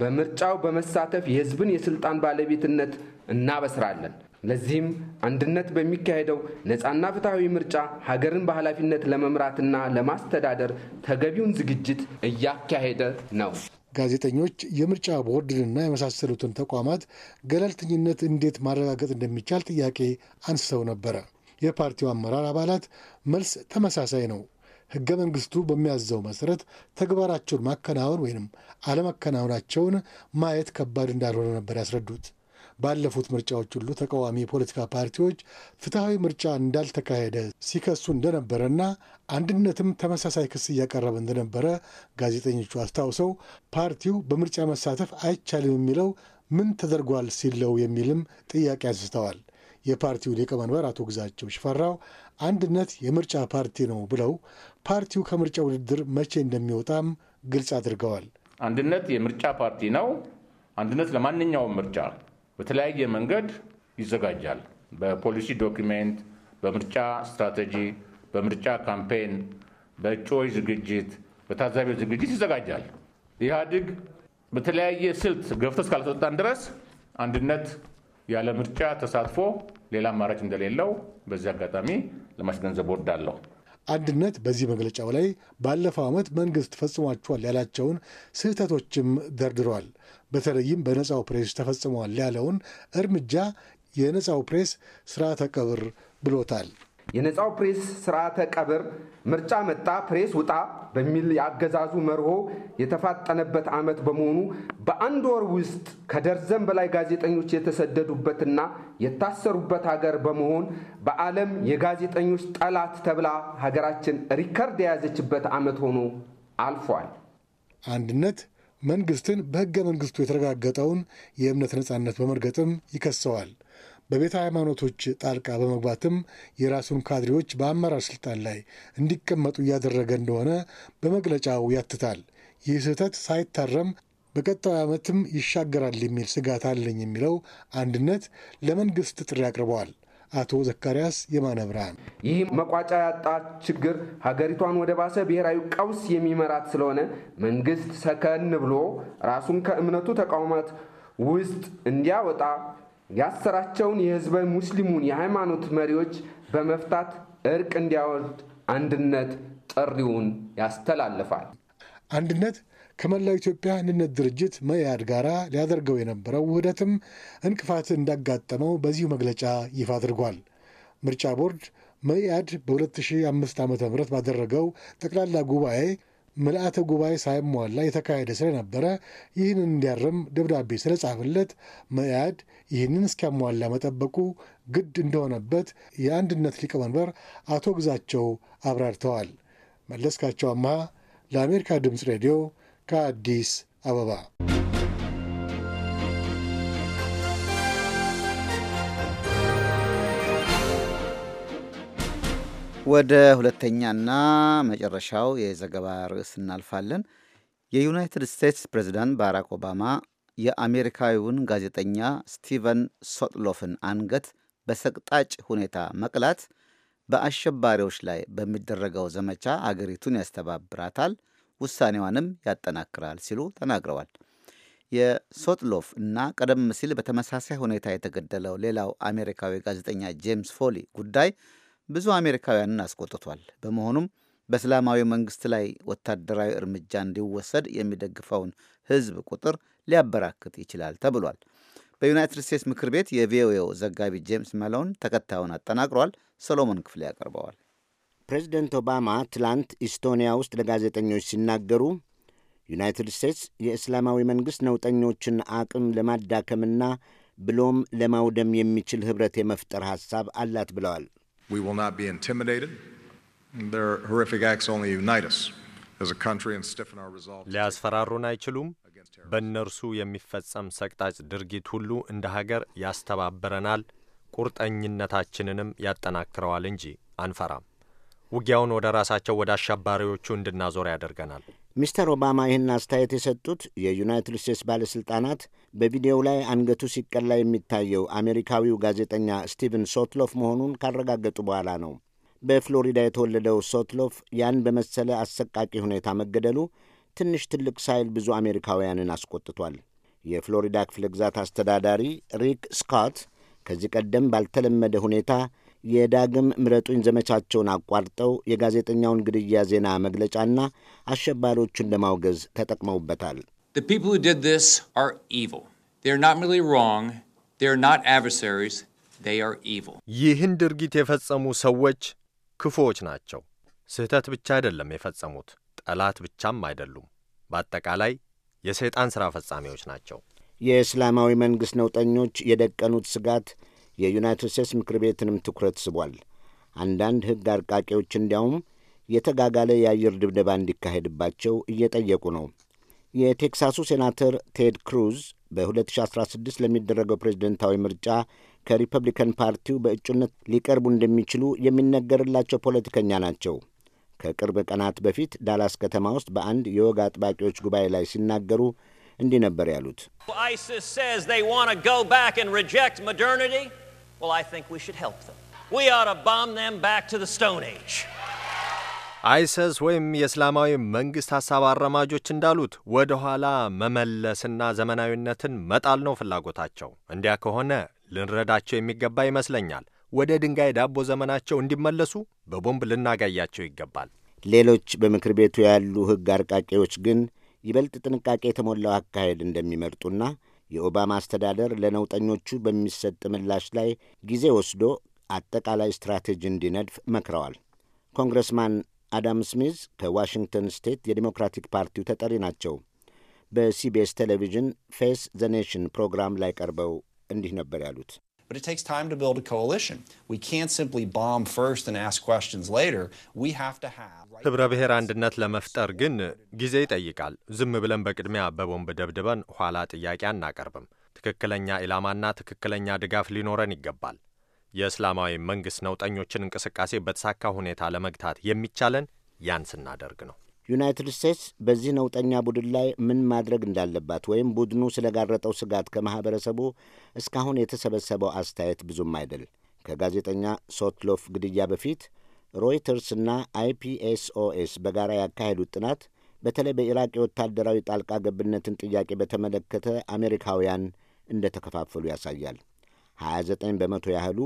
በምርጫው በመሳተፍ የህዝብን የስልጣን ባለቤትነት እናበስራለን። ለዚህም አንድነት በሚካሄደው ነፃና ፍትሐዊ ምርጫ ሀገርን በኃላፊነት ለመምራትና ለማስተዳደር ተገቢውን ዝግጅት እያካሄደ ነው። ጋዜጠኞች የምርጫ ቦርድንና የመሳሰሉትን ተቋማት ገለልተኝነት እንዴት ማረጋገጥ እንደሚቻል ጥያቄ አንስተው ነበረ። የፓርቲው አመራር አባላት መልስ ተመሳሳይ ነው። ህገ መንግስቱ በሚያዘው መሰረት ተግባራቸውን ማከናወን ወይንም አለማከናወናቸውን ማየት ከባድ እንዳልሆነ ነበር ያስረዱት። ባለፉት ምርጫዎች ሁሉ ተቃዋሚ የፖለቲካ ፓርቲዎች ፍትሐዊ ምርጫ እንዳልተካሄደ ሲከሱ እንደነበረና አንድነትም ተመሳሳይ ክስ እያቀረበ እንደነበረ ጋዜጠኞቹ አስታውሰው ፓርቲው በምርጫ መሳተፍ አይቻልም የሚለው ምን ተደርጓል ሲለው የሚልም ጥያቄ አንስተዋል። የፓርቲው ሊቀመንበር አቶ ግዛቸው ሽፈራው አንድነት የምርጫ ፓርቲ ነው ብለው ፓርቲው ከምርጫ ውድድር መቼ እንደሚወጣም ግልጽ አድርገዋል። አንድነት የምርጫ ፓርቲ ነው። አንድነት ለማንኛውም ምርጫ በተለያየ መንገድ ይዘጋጃል። በፖሊሲ ዶኪሜንት፣ በምርጫ ስትራቴጂ፣ በምርጫ ካምፔን፣ በእጩዎች ዝግጅት፣ በታዛቢዎች ዝግጅት ይዘጋጃል። ኢህአዲግ በተለያየ ስልት ገፍቶ እስካልተወጣን ድረስ አንድነት ያለ ምርጫ ተሳትፎ ሌላ አማራጭ እንደሌለው በዚህ አጋጣሚ ለማስገንዘብ ወዳለሁ። አንድነት በዚህ መግለጫው ላይ ባለፈው ዓመት መንግስት ፈጽሟቸዋል ያላቸውን ስህተቶችም ደርድሯል። በተለይም በነፃው ፕሬስ ተፈጽመዋል። ያለውን እርምጃ የነፃው ፕሬስ ስርዓተ ቀብር ብሎታል። የነፃው ፕሬስ ስርዓተ ቀብር ምርጫ መጣ ፕሬስ ውጣ በሚል የአገዛዙ መርሆ የተፋጠነበት ዓመት በመሆኑ በአንድ ወር ውስጥ ከደርዘን በላይ ጋዜጠኞች የተሰደዱበትና የታሰሩበት ሀገር በመሆን በዓለም የጋዜጠኞች ጠላት ተብላ ሀገራችን ሪከርድ የያዘችበት ዓመት ሆኖ አልፏል። አንድነት መንግስትን በሕገ መንግስቱ የተረጋገጠውን የእምነት ነፃነት በመርገጥም ይከሰዋል። በቤተ ሃይማኖቶች ጣልቃ በመግባትም የራሱን ካድሬዎች በአመራር ስልጣን ላይ እንዲቀመጡ እያደረገ እንደሆነ በመግለጫው ያትታል። ይህ ስህተት ሳይታረም በቀጣዩ ዓመትም ይሻገራል የሚል ስጋት አለኝ የሚለው አንድነት ለመንግስት ጥሪ አቅርበዋል። አቶ ዘካርያስ የማነ ብርሃን ይህ መቋጫ ያጣ ችግር ሀገሪቷን ወደ ባሰ ብሔራዊ ቀውስ የሚመራት ስለሆነ መንግስት ሰከን ብሎ ራሱን ከእምነቱ ተቋማት ውስጥ እንዲያወጣ ያሰራቸውን የህዝበ ሙስሊሙን የሃይማኖት መሪዎች በመፍታት እርቅ እንዲያወርድ አንድነት ጥሪውን ያስተላልፋል። አንድነት ከመላው ኢትዮጵያ አንድነት ድርጅት መኢአድ ጋር ሊያደርገው የነበረው ውህደትም እንቅፋት እንዳጋጠመው በዚሁ መግለጫ ይፋ አድርጓል። ምርጫ ቦርድ መኢአድ በ2005 ዓ ም ባደረገው ጠቅላላ ጉባኤ ምልአተ ጉባኤ ሳይሟላ የተካሄደ ስለነበረ ይህንን እንዲያርም ደብዳቤ ስለጻፍለት መያድ ይህንን እስኪያሟላ መጠበቁ ግድ እንደሆነበት የአንድነት ሊቀመንበር አቶ ግዛቸው አብራርተዋል። መለስካቸው አማሃ ለአሜሪካ ድምፅ ሬዲዮ ከአዲስ አበባ ወደ ሁለተኛና መጨረሻው የዘገባ ርዕስ እናልፋለን። የዩናይትድ ስቴትስ ፕሬዚዳንት ባራክ ኦባማ የአሜሪካዊውን ጋዜጠኛ ስቲቨን ሶትሎፍን አንገት በሰቅጣጭ ሁኔታ መቅላት በአሸባሪዎች ላይ በሚደረገው ዘመቻ አገሪቱን ያስተባብራታል፣ ውሳኔዋንም ያጠናክራል ሲሉ ተናግረዋል። የሶጥሎፍ እና ቀደም ሲል በተመሳሳይ ሁኔታ የተገደለው ሌላው አሜሪካዊ ጋዜጠኛ ጄምስ ፎሊ ጉዳይ ብዙ አሜሪካውያንን አስቆጥቷል። በመሆኑም በእስላማዊ መንግስት ላይ ወታደራዊ እርምጃ እንዲወሰድ የሚደግፈውን ህዝብ ቁጥር ሊያበራክት ይችላል ተብሏል። በዩናይትድ ስቴትስ ምክር ቤት የቪኦኤው ዘጋቢ ጄምስ መለውን ተከታዩን አጠናቅሯል። ሰሎሞን ክፍሌ ያቀርበዋል። ፕሬዚደንት ኦባማ ትላንት ኢስቶኒያ ውስጥ ለጋዜጠኞች ሲናገሩ ዩናይትድ ስቴትስ የእስላማዊ መንግሥት ነውጠኞችን አቅም ለማዳከምና ብሎም ለማውደም የሚችል ኅብረት የመፍጠር ሐሳብ አላት ብለዋል። We will not be intimidated. Their horrific acts only unite us as a country and stiffen our resolve. ሊያስፈራሩን አይችሉም። በእነርሱ የሚፈጸም ሰቅጣጭ ድርጊት ሁሉ እንደ ሀገር ያስተባብረናል፣ ቁርጠኝነታችንንም ያጠናክረዋል እንጂ አንፈራም። ውጊያውን ወደ ራሳቸው ወደ አሸባሪዎቹ እንድናዞር ያደርገናል። ሚስተር ኦባማ ይህን አስተያየት የሰጡት የዩናይትድ ስቴትስ ባለሥልጣናት በቪዲዮው ላይ አንገቱ ሲቀላ የሚታየው አሜሪካዊው ጋዜጠኛ ስቲቨን ሶትሎፍ መሆኑን ካረጋገጡ በኋላ ነው። በፍሎሪዳ የተወለደው ሶትሎፍ ያን በመሰለ አሰቃቂ ሁኔታ መገደሉ ትንሽ ትልቅ ሳይል ብዙ አሜሪካውያንን አስቆጥቷል። የፍሎሪዳ ክፍለ ግዛት አስተዳዳሪ ሪክ ስኮት ከዚህ ቀደም ባልተለመደ ሁኔታ የዳግም ምረጡኝ ዘመቻቸውን አቋርጠው የጋዜጠኛውን ግድያ ዜና መግለጫና አሸባሪዎቹን ለማውገዝ ተጠቅመውበታል። ይህን ድርጊት የፈጸሙ ሰዎች ክፉዎች ናቸው። ስህተት ብቻ አይደለም የፈጸሙት፣ ጠላት ብቻም አይደሉም። በአጠቃላይ የሰይጣን ሥራ ፈጻሚዎች ናቸው። የእስላማዊ መንግሥት ነውጠኞች የደቀኑት ስጋት የዩናይትድ ስቴትስ ምክር ቤትንም ትኩረት ስቧል። አንዳንድ ሕግ አርቃቂዎች እንዲያውም የተጋጋለ የአየር ድብደባ እንዲካሄድባቸው እየጠየቁ ነው። የቴክሳሱ ሴናተር ቴድ ክሩዝ በ2016 ለሚደረገው ፕሬዝደንታዊ ምርጫ ከሪፐብሊካን ፓርቲው በእጩነት ሊቀርቡ እንደሚችሉ የሚነገርላቸው ፖለቲከኛ ናቸው። ከቅርብ ቀናት በፊት ዳላስ ከተማ ውስጥ በአንድ የወግ አጥባቂዎች ጉባኤ ላይ ሲናገሩ እንዲህ ነበር ያሉት። Well, I think we should help them. We ought to bomb them back to the Stone Age. አይሰስ ወይም የእስላማዊ መንግሥት ሐሳብ አራማጆች እንዳሉት ወደ ኋላ መመለስና ዘመናዊነትን መጣል ነው ፍላጎታቸው። እንዲያ ከሆነ ልንረዳቸው የሚገባ ይመስለኛል። ወደ ድንጋይ ዳቦ ዘመናቸው እንዲመለሱ በቦምብ ልናጋያቸው ይገባል። ሌሎች በምክር ቤቱ ያሉ ሕግ አርቃቂዎች ግን ይበልጥ ጥንቃቄ የተሞላው አካሄድ እንደሚመርጡና የኦባማ አስተዳደር ለነውጠኞቹ በሚሰጥ ምላሽ ላይ ጊዜ ወስዶ አጠቃላይ ስትራቴጂ እንዲነድፍ መክረዋል። ኮንግረስማን አዳም ስሚዝ ከዋሽንግተን ስቴት የዲሞክራቲክ ፓርቲው ተጠሪ ናቸው። በሲቢኤስ ቴሌቪዥን ፌስ ዘ ኔሽን ፕሮግራም ላይ ቀርበው እንዲህ ነበር ያሉት። ኅብረ ብሔር አንድነት ለመፍጠር ግን ጊዜ ይጠይቃል። ዝም ብለን በቅድሚያ በቦምብ ደብድበን ኋላ ጥያቄ አናቀርብም። ትክክለኛ ኢላማና ትክክለኛ ድጋፍ ሊኖረን ይገባል። የእስላማዊ መንግሥት ነውጠኞችን እንቅስቃሴ በተሳካ ሁኔታ ለመግታት የሚቻለን ያን ስናደርግ ነው። ዩናይትድ ስቴትስ በዚህ ነውጠኛ ቡድን ላይ ምን ማድረግ እንዳለባት ወይም ቡድኑ ስለጋረጠው ስጋት ከማኅበረሰቡ እስካሁን የተሰበሰበው አስተያየት ብዙም አይደል። ከጋዜጠኛ ሶትሎፍ ግድያ በፊት ሮይተርስና አይፒኤስኦኤስ በጋራ ያካሄዱት ጥናት በተለይ በኢራቅ የወታደራዊ ጣልቃ ገብነትን ጥያቄ በተመለከተ አሜሪካውያን እንደ ተከፋፈሉ ያሳያል። 29 በመቶ ያህሉ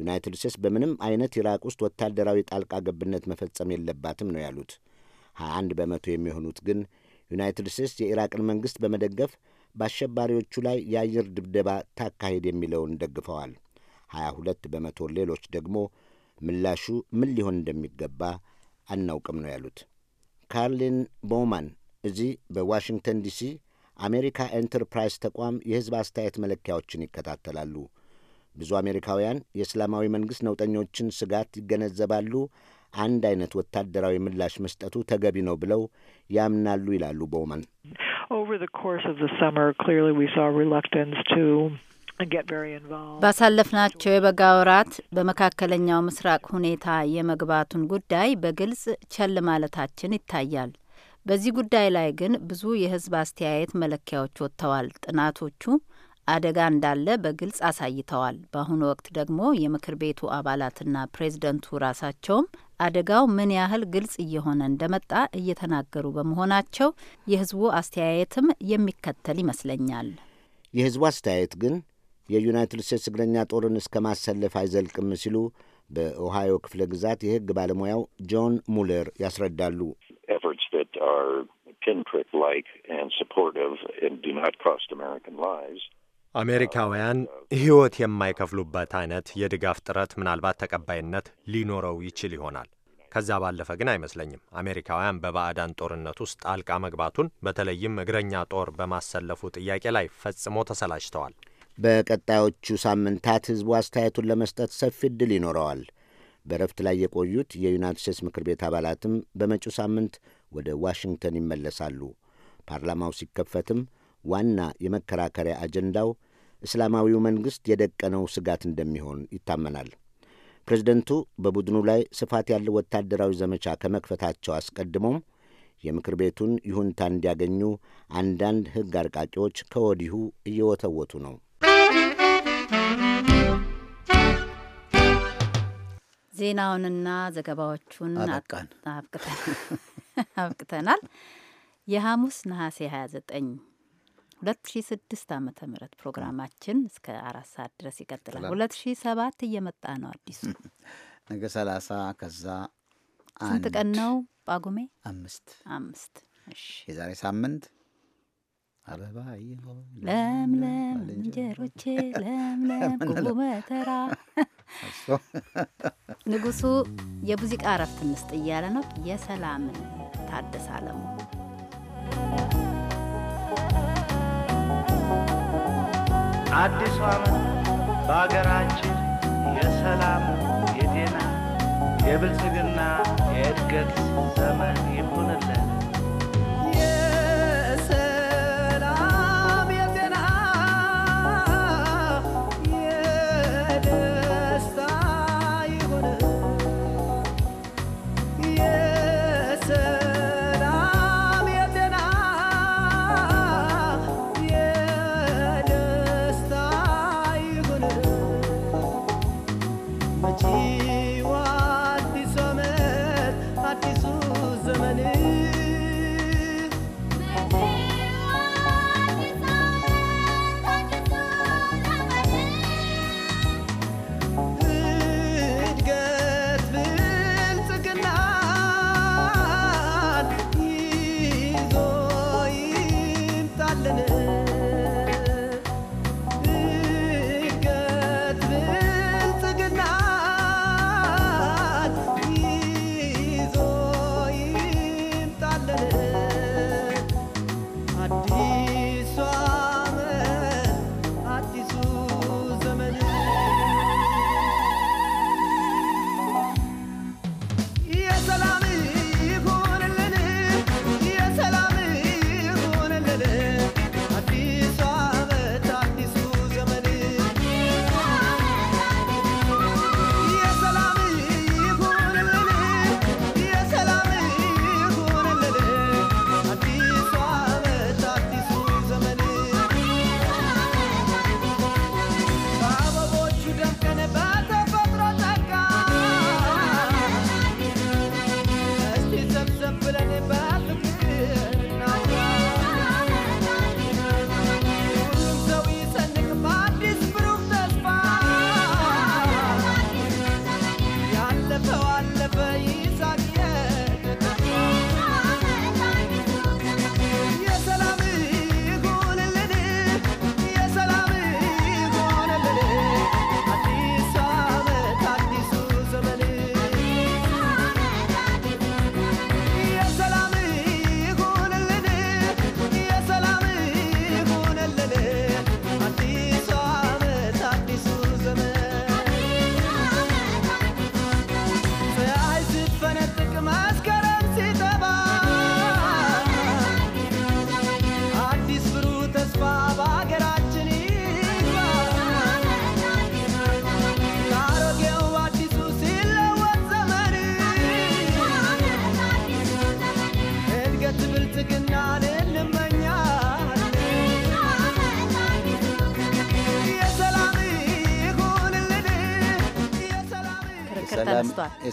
ዩናይትድ ስቴትስ በምንም አይነት ኢራቅ ውስጥ ወታደራዊ ጣልቃ ገብነት መፈጸም የለባትም ነው ያሉት። 21 በመቶ የሚሆኑት ግን ዩናይትድ ስቴትስ የኢራቅን መንግሥት በመደገፍ በአሸባሪዎቹ ላይ የአየር ድብደባ ታካሄድ የሚለውን ደግፈዋል። 22 በመቶ ሌሎች ደግሞ ምላሹ ምን ሊሆን እንደሚገባ አናውቅም ነው ያሉት። ካርሊን ቦማን እዚህ በዋሽንግተን ዲሲ አሜሪካ ኤንተርፕራይዝ ተቋም የሕዝብ አስተያየት መለኪያዎችን ይከታተላሉ። ብዙ አሜሪካውያን የእስላማዊ መንግሥት ነውጠኞችን ስጋት ይገነዘባሉ። አንድ አይነት ወታደራዊ ምላሽ መስጠቱ ተገቢ ነው ብለው ያምናሉ ይላሉ ቦውማን። ባሳለፍናቸው የበጋ ወራት በመካከለኛው ምስራቅ ሁኔታ የመግባቱን ጉዳይ በግልጽ ቸል ማለታችን ይታያል። በዚህ ጉዳይ ላይ ግን ብዙ የህዝብ አስተያየት መለኪያዎች ወጥተዋል። ጥናቶቹ አደጋ እንዳለ በግልጽ አሳይተዋል። በአሁኑ ወቅት ደግሞ የምክር ቤቱ አባላትና ፕሬዝደንቱ ራሳቸውም አደጋው ምን ያህል ግልጽ እየሆነ እንደመጣ እየተናገሩ በመሆናቸው የህዝቡ አስተያየትም የሚከተል ይመስለኛል። የህዝቡ አስተያየት ግን የዩናይትድ ስቴትስ እግረኛ ጦርን እስከ ማሰለፍ አይዘልቅም ሲሉ በኦሃዮ ክፍለ ግዛት የሕግ ባለሙያው ጆን ሙለር ያስረዳሉ። አሜሪካውያን ሕይወት የማይከፍሉበት አይነት የድጋፍ ጥረት ምናልባት ተቀባይነት ሊኖረው ይችል ይሆናል። ከዛ ባለፈ ግን አይመስለኝም። አሜሪካውያን በባዕዳን ጦርነት ውስጥ ጣልቃ መግባቱን በተለይም እግረኛ ጦር በማሰለፉ ጥያቄ ላይ ፈጽሞ ተሰላችተዋል። በቀጣዮቹ ሳምንታት ሕዝቡ አስተያየቱን ለመስጠት ሰፊ ዕድል ይኖረዋል። በእረፍት ላይ የቆዩት የዩናይትድ ስቴትስ ምክር ቤት አባላትም በመጪው ሳምንት ወደ ዋሽንግተን ይመለሳሉ። ፓርላማው ሲከፈትም ዋና የመከራከሪያ አጀንዳው እስላማዊው መንግሥት የደቀነው ስጋት እንደሚሆን ይታመናል። ፕሬዝደንቱ በቡድኑ ላይ ስፋት ያለው ወታደራዊ ዘመቻ ከመክፈታቸው አስቀድሞም የምክር ቤቱን ይሁንታ እንዲያገኙ አንዳንድ ሕግ አርቃቂዎች ከወዲሁ እየወተወቱ ነው። ዜናውንና ዘገባዎቹን አብቅተናል። የሐሙስ ነሐሴ 29 2006 ዓ ም ፕሮግራማችን እስከ አራት ሰዓት ድረስ ይቀጥላል። 2007 እየመጣ ነው አዲሱ ነገ 30 ከዛ ስንት ቀን ነው? ጳጉሜ አምስት አምስት የዛሬ ሳምንት አበባ ለምለም እንጀሮቼ ለምለም ቁሙ በተራ ንጉሱ የሙዚቃ እረፍት እንስጥ እያለ ነው። የሰላምን ታደሰ አለሙ አዲሱ ዓመት በአገራችን የሰላም የጤና የብልጽግና የእድገት ዘመን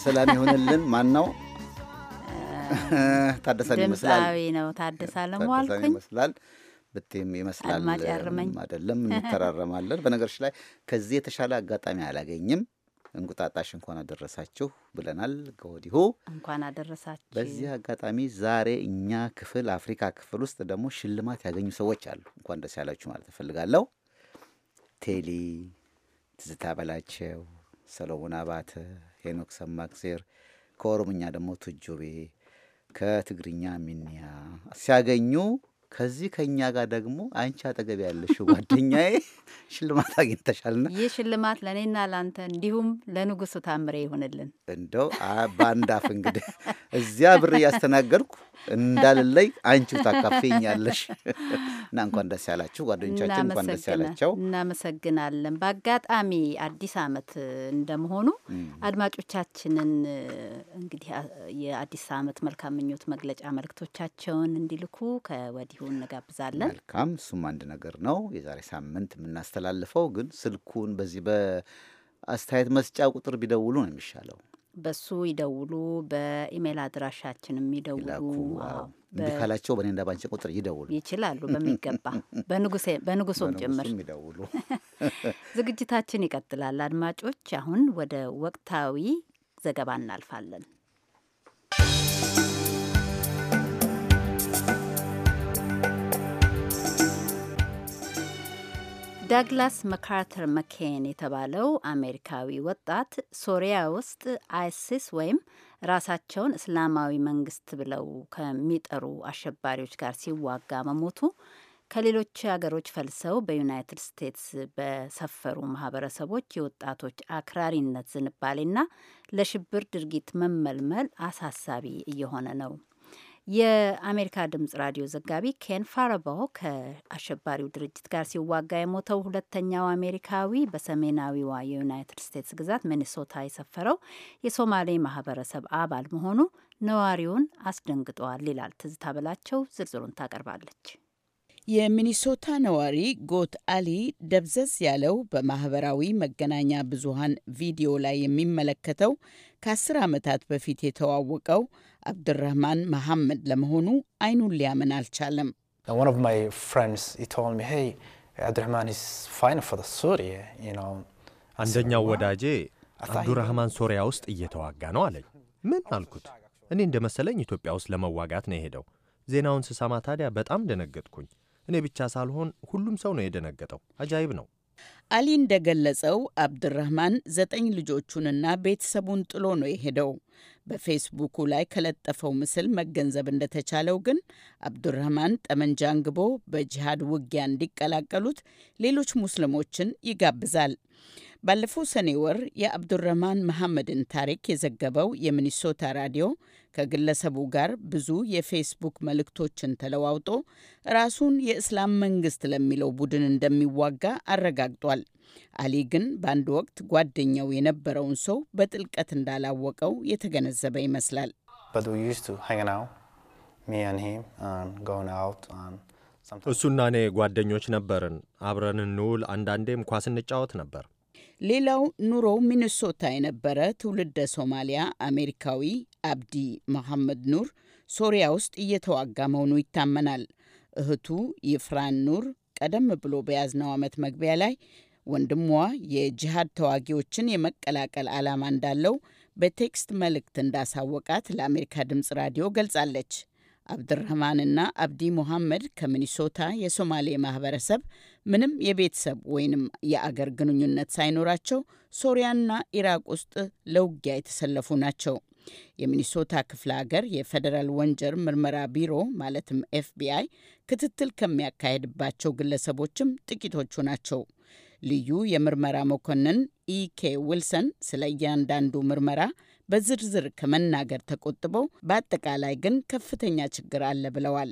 ሰላም ይሁንልን። ማን ነው? ታደሳል ይመስላል ነው ታደሰ አለመዋልኩኝ ይመስላል ብትም ይመስላል አይደለም፣ እንተራረማለን። በነገሮች ላይ ከዚህ የተሻለ አጋጣሚ አላገኝም። እንቁጣጣሽ እንኳን አደረሳችሁ ብለናል ከወዲሁ እንኳን አደረሳችሁ። በዚህ አጋጣሚ ዛሬ እኛ ክፍል አፍሪካ ክፍል ውስጥ ደግሞ ሽልማት ያገኙ ሰዎች አሉ። እንኳን ደስ ያላችሁ ማለት እፈልጋለሁ። ቴሊ ትዝታ በላቸው፣ ሰሎሞን አባተ ሄኖክ ሰማግዜር፣ ከኦሮምኛ ደግሞ ቱጁቤ፣ ከትግርኛ ሚኒያ ሲያገኙ ከዚህ ከእኛ ጋር ደግሞ አንቺ አጠገብ ያለሽው ጓደኛዬ ሽልማት አግኝተሻልና ይህ ሽልማት ለእኔና ለአንተ እንዲሁም ለንጉሱ ታምሬ ይሆንልን። እንደው በአንድ አፍ እንግዲህ እዚያ ብር እያስተናገድኩ እንዳልለይ አንቺው ታካፍኛለሽ እና እንኳን ደስ ያላችሁ ጓደኞቻችን፣ እንኳን ደስ ያላቸው። እናመሰግናለን። በአጋጣሚ አዲስ አመት እንደመሆኑ አድማጮቻችንን እንግዲህ የአዲስ አመት መልካም ምኞት መግለጫ መልእክቶቻቸውን እንዲልኩ ከወዲሁ እንጋብዛለን። መልካም እሱም አንድ ነገር ነው። የዛሬ ሳምንት የምናስተላልፈው ግን ስልኩን በዚህ በአስተያየት መስጫ ቁጥር ቢደውሉ ነው የሚሻለው። በሱ ይደውሉ፣ በኢሜል አድራሻችንም ይደውሉ። እምቢ በእኔ በእኔና ባንቺ ቁጥር ይደውሉ ይችላሉ። በሚገባ በንጉሱም ጭምር ይደውሉ። ዝግጅታችን ይቀጥላል። አድማጮች፣ አሁን ወደ ወቅታዊ ዘገባ እናልፋለን። ዳግላስ መካርተር መኬን የተባለው አሜሪካዊ ወጣት ሶሪያ ውስጥ አይሲስ ወይም ራሳቸውን እስላማዊ መንግስት ብለው ከሚጠሩ አሸባሪዎች ጋር ሲዋጋ መሞቱ ከሌሎች ሀገሮች ፈልሰው በዩናይትድ ስቴትስ በሰፈሩ ማህበረሰቦች የወጣቶች አክራሪነት ዝንባሌና ለሽብር ድርጊት መመልመል አሳሳቢ እየሆነ ነው። የአሜሪካ ድምጽ ራዲዮ ዘጋቢ ኬን ፋረባው ከአሸባሪው ድርጅት ጋር ሲዋጋ የሞተው ሁለተኛው አሜሪካዊ በሰሜናዊዋ የዩናይትድ ስቴትስ ግዛት ሚኒሶታ የሰፈረው የሶማሌ ማህበረሰብ አባል መሆኑ ነዋሪውን አስደንግጠዋል ይላል ትዝታ በላቸው። ዝርዝሩን ታቀርባለች። የሚኒሶታ ነዋሪ ጎት አሊ ደብዘዝ ያለው በማህበራዊ መገናኛ ብዙሃን ቪዲዮ ላይ የሚመለከተው ከአስር ዓመታት በፊት የተዋወቀው አብድራህማን መሐመድ ለመሆኑ አይኑን ሊያምን አልቻለም። አንደኛው ወዳጄ አብዱራህማን ሶሪያ ውስጥ እየተዋጋ ነው አለኝ። ምን አልኩት። እኔ እንደ መሰለኝ ኢትዮጵያ ውስጥ ለመዋጋት ነው የሄደው። ዜናውን ስሰማ ታዲያ በጣም ደነገጥኩኝ። እኔ ብቻ ሳልሆን ሁሉም ሰው ነው የደነገጠው። አጃይብ ነው። አሊ እንደገለጸው አብድራህማን ዘጠኝ ልጆቹንና ቤተሰቡን ጥሎ ነው የሄደው። በፌስቡኩ ላይ ከለጠፈው ምስል መገንዘብ እንደተቻለው ግን አብዱራህማን ጠመንጃ አንግቦ በጂሃድ ውጊያ እንዲቀላቀሉት ሌሎች ሙስሊሞችን ይጋብዛል። ባለፈው ሰኔ ወር የአብዱረህማን መሐመድን ታሪክ የዘገበው የሚኒሶታ ራዲዮ ከግለሰቡ ጋር ብዙ የፌስቡክ መልእክቶችን ተለዋውጦ ራሱን የእስላም መንግስት ለሚለው ቡድን እንደሚዋጋ አረጋግጧል። አሊ ግን በአንድ ወቅት ጓደኛው የነበረውን ሰው በጥልቀት እንዳላወቀው የተገነዘበ ይመስላል። እሱና እኔ ጓደኞች ነበርን። አብረን እንውል፣ አንዳንዴም ኳስ እንጫወት ነበር። ሌላው ኑሮው ሚኒሶታ የነበረ ትውልደ ሶማሊያ አሜሪካዊ አብዲ መሐመድ ኑር ሶሪያ ውስጥ እየተዋጋ መሆኑ ይታመናል። እህቱ ይፍራን ኑር ቀደም ብሎ በያዝነው ዓመት መግቢያ ላይ ወንድሟ የጂሃድ ተዋጊዎችን የመቀላቀል ዓላማ እንዳለው በቴክስት መልእክት እንዳሳወቃት ለአሜሪካ ድምፅ ራዲዮ ገልጻለች። አብድራህማንና አብዲ ሙሐመድ ከሚኒሶታ የሶማሌ ማህበረሰብ ምንም የቤተሰብ ወይንም የአገር ግንኙነት ሳይኖራቸው ሶሪያና ኢራቅ ውስጥ ለውጊያ የተሰለፉ ናቸው። የሚኒሶታ ክፍለ ሀገር የፌዴራል ወንጀር ምርመራ ቢሮ ማለትም ኤፍቢአይ ክትትል ከሚያካሄድባቸው ግለሰቦችም ጥቂቶቹ ናቸው። ልዩ የምርመራ መኮንን ኢኬ ዊልሰን ስለ እያንዳንዱ ምርመራ በዝርዝር ከመናገር ተቆጥበው በአጠቃላይ ግን ከፍተኛ ችግር አለ ብለዋል።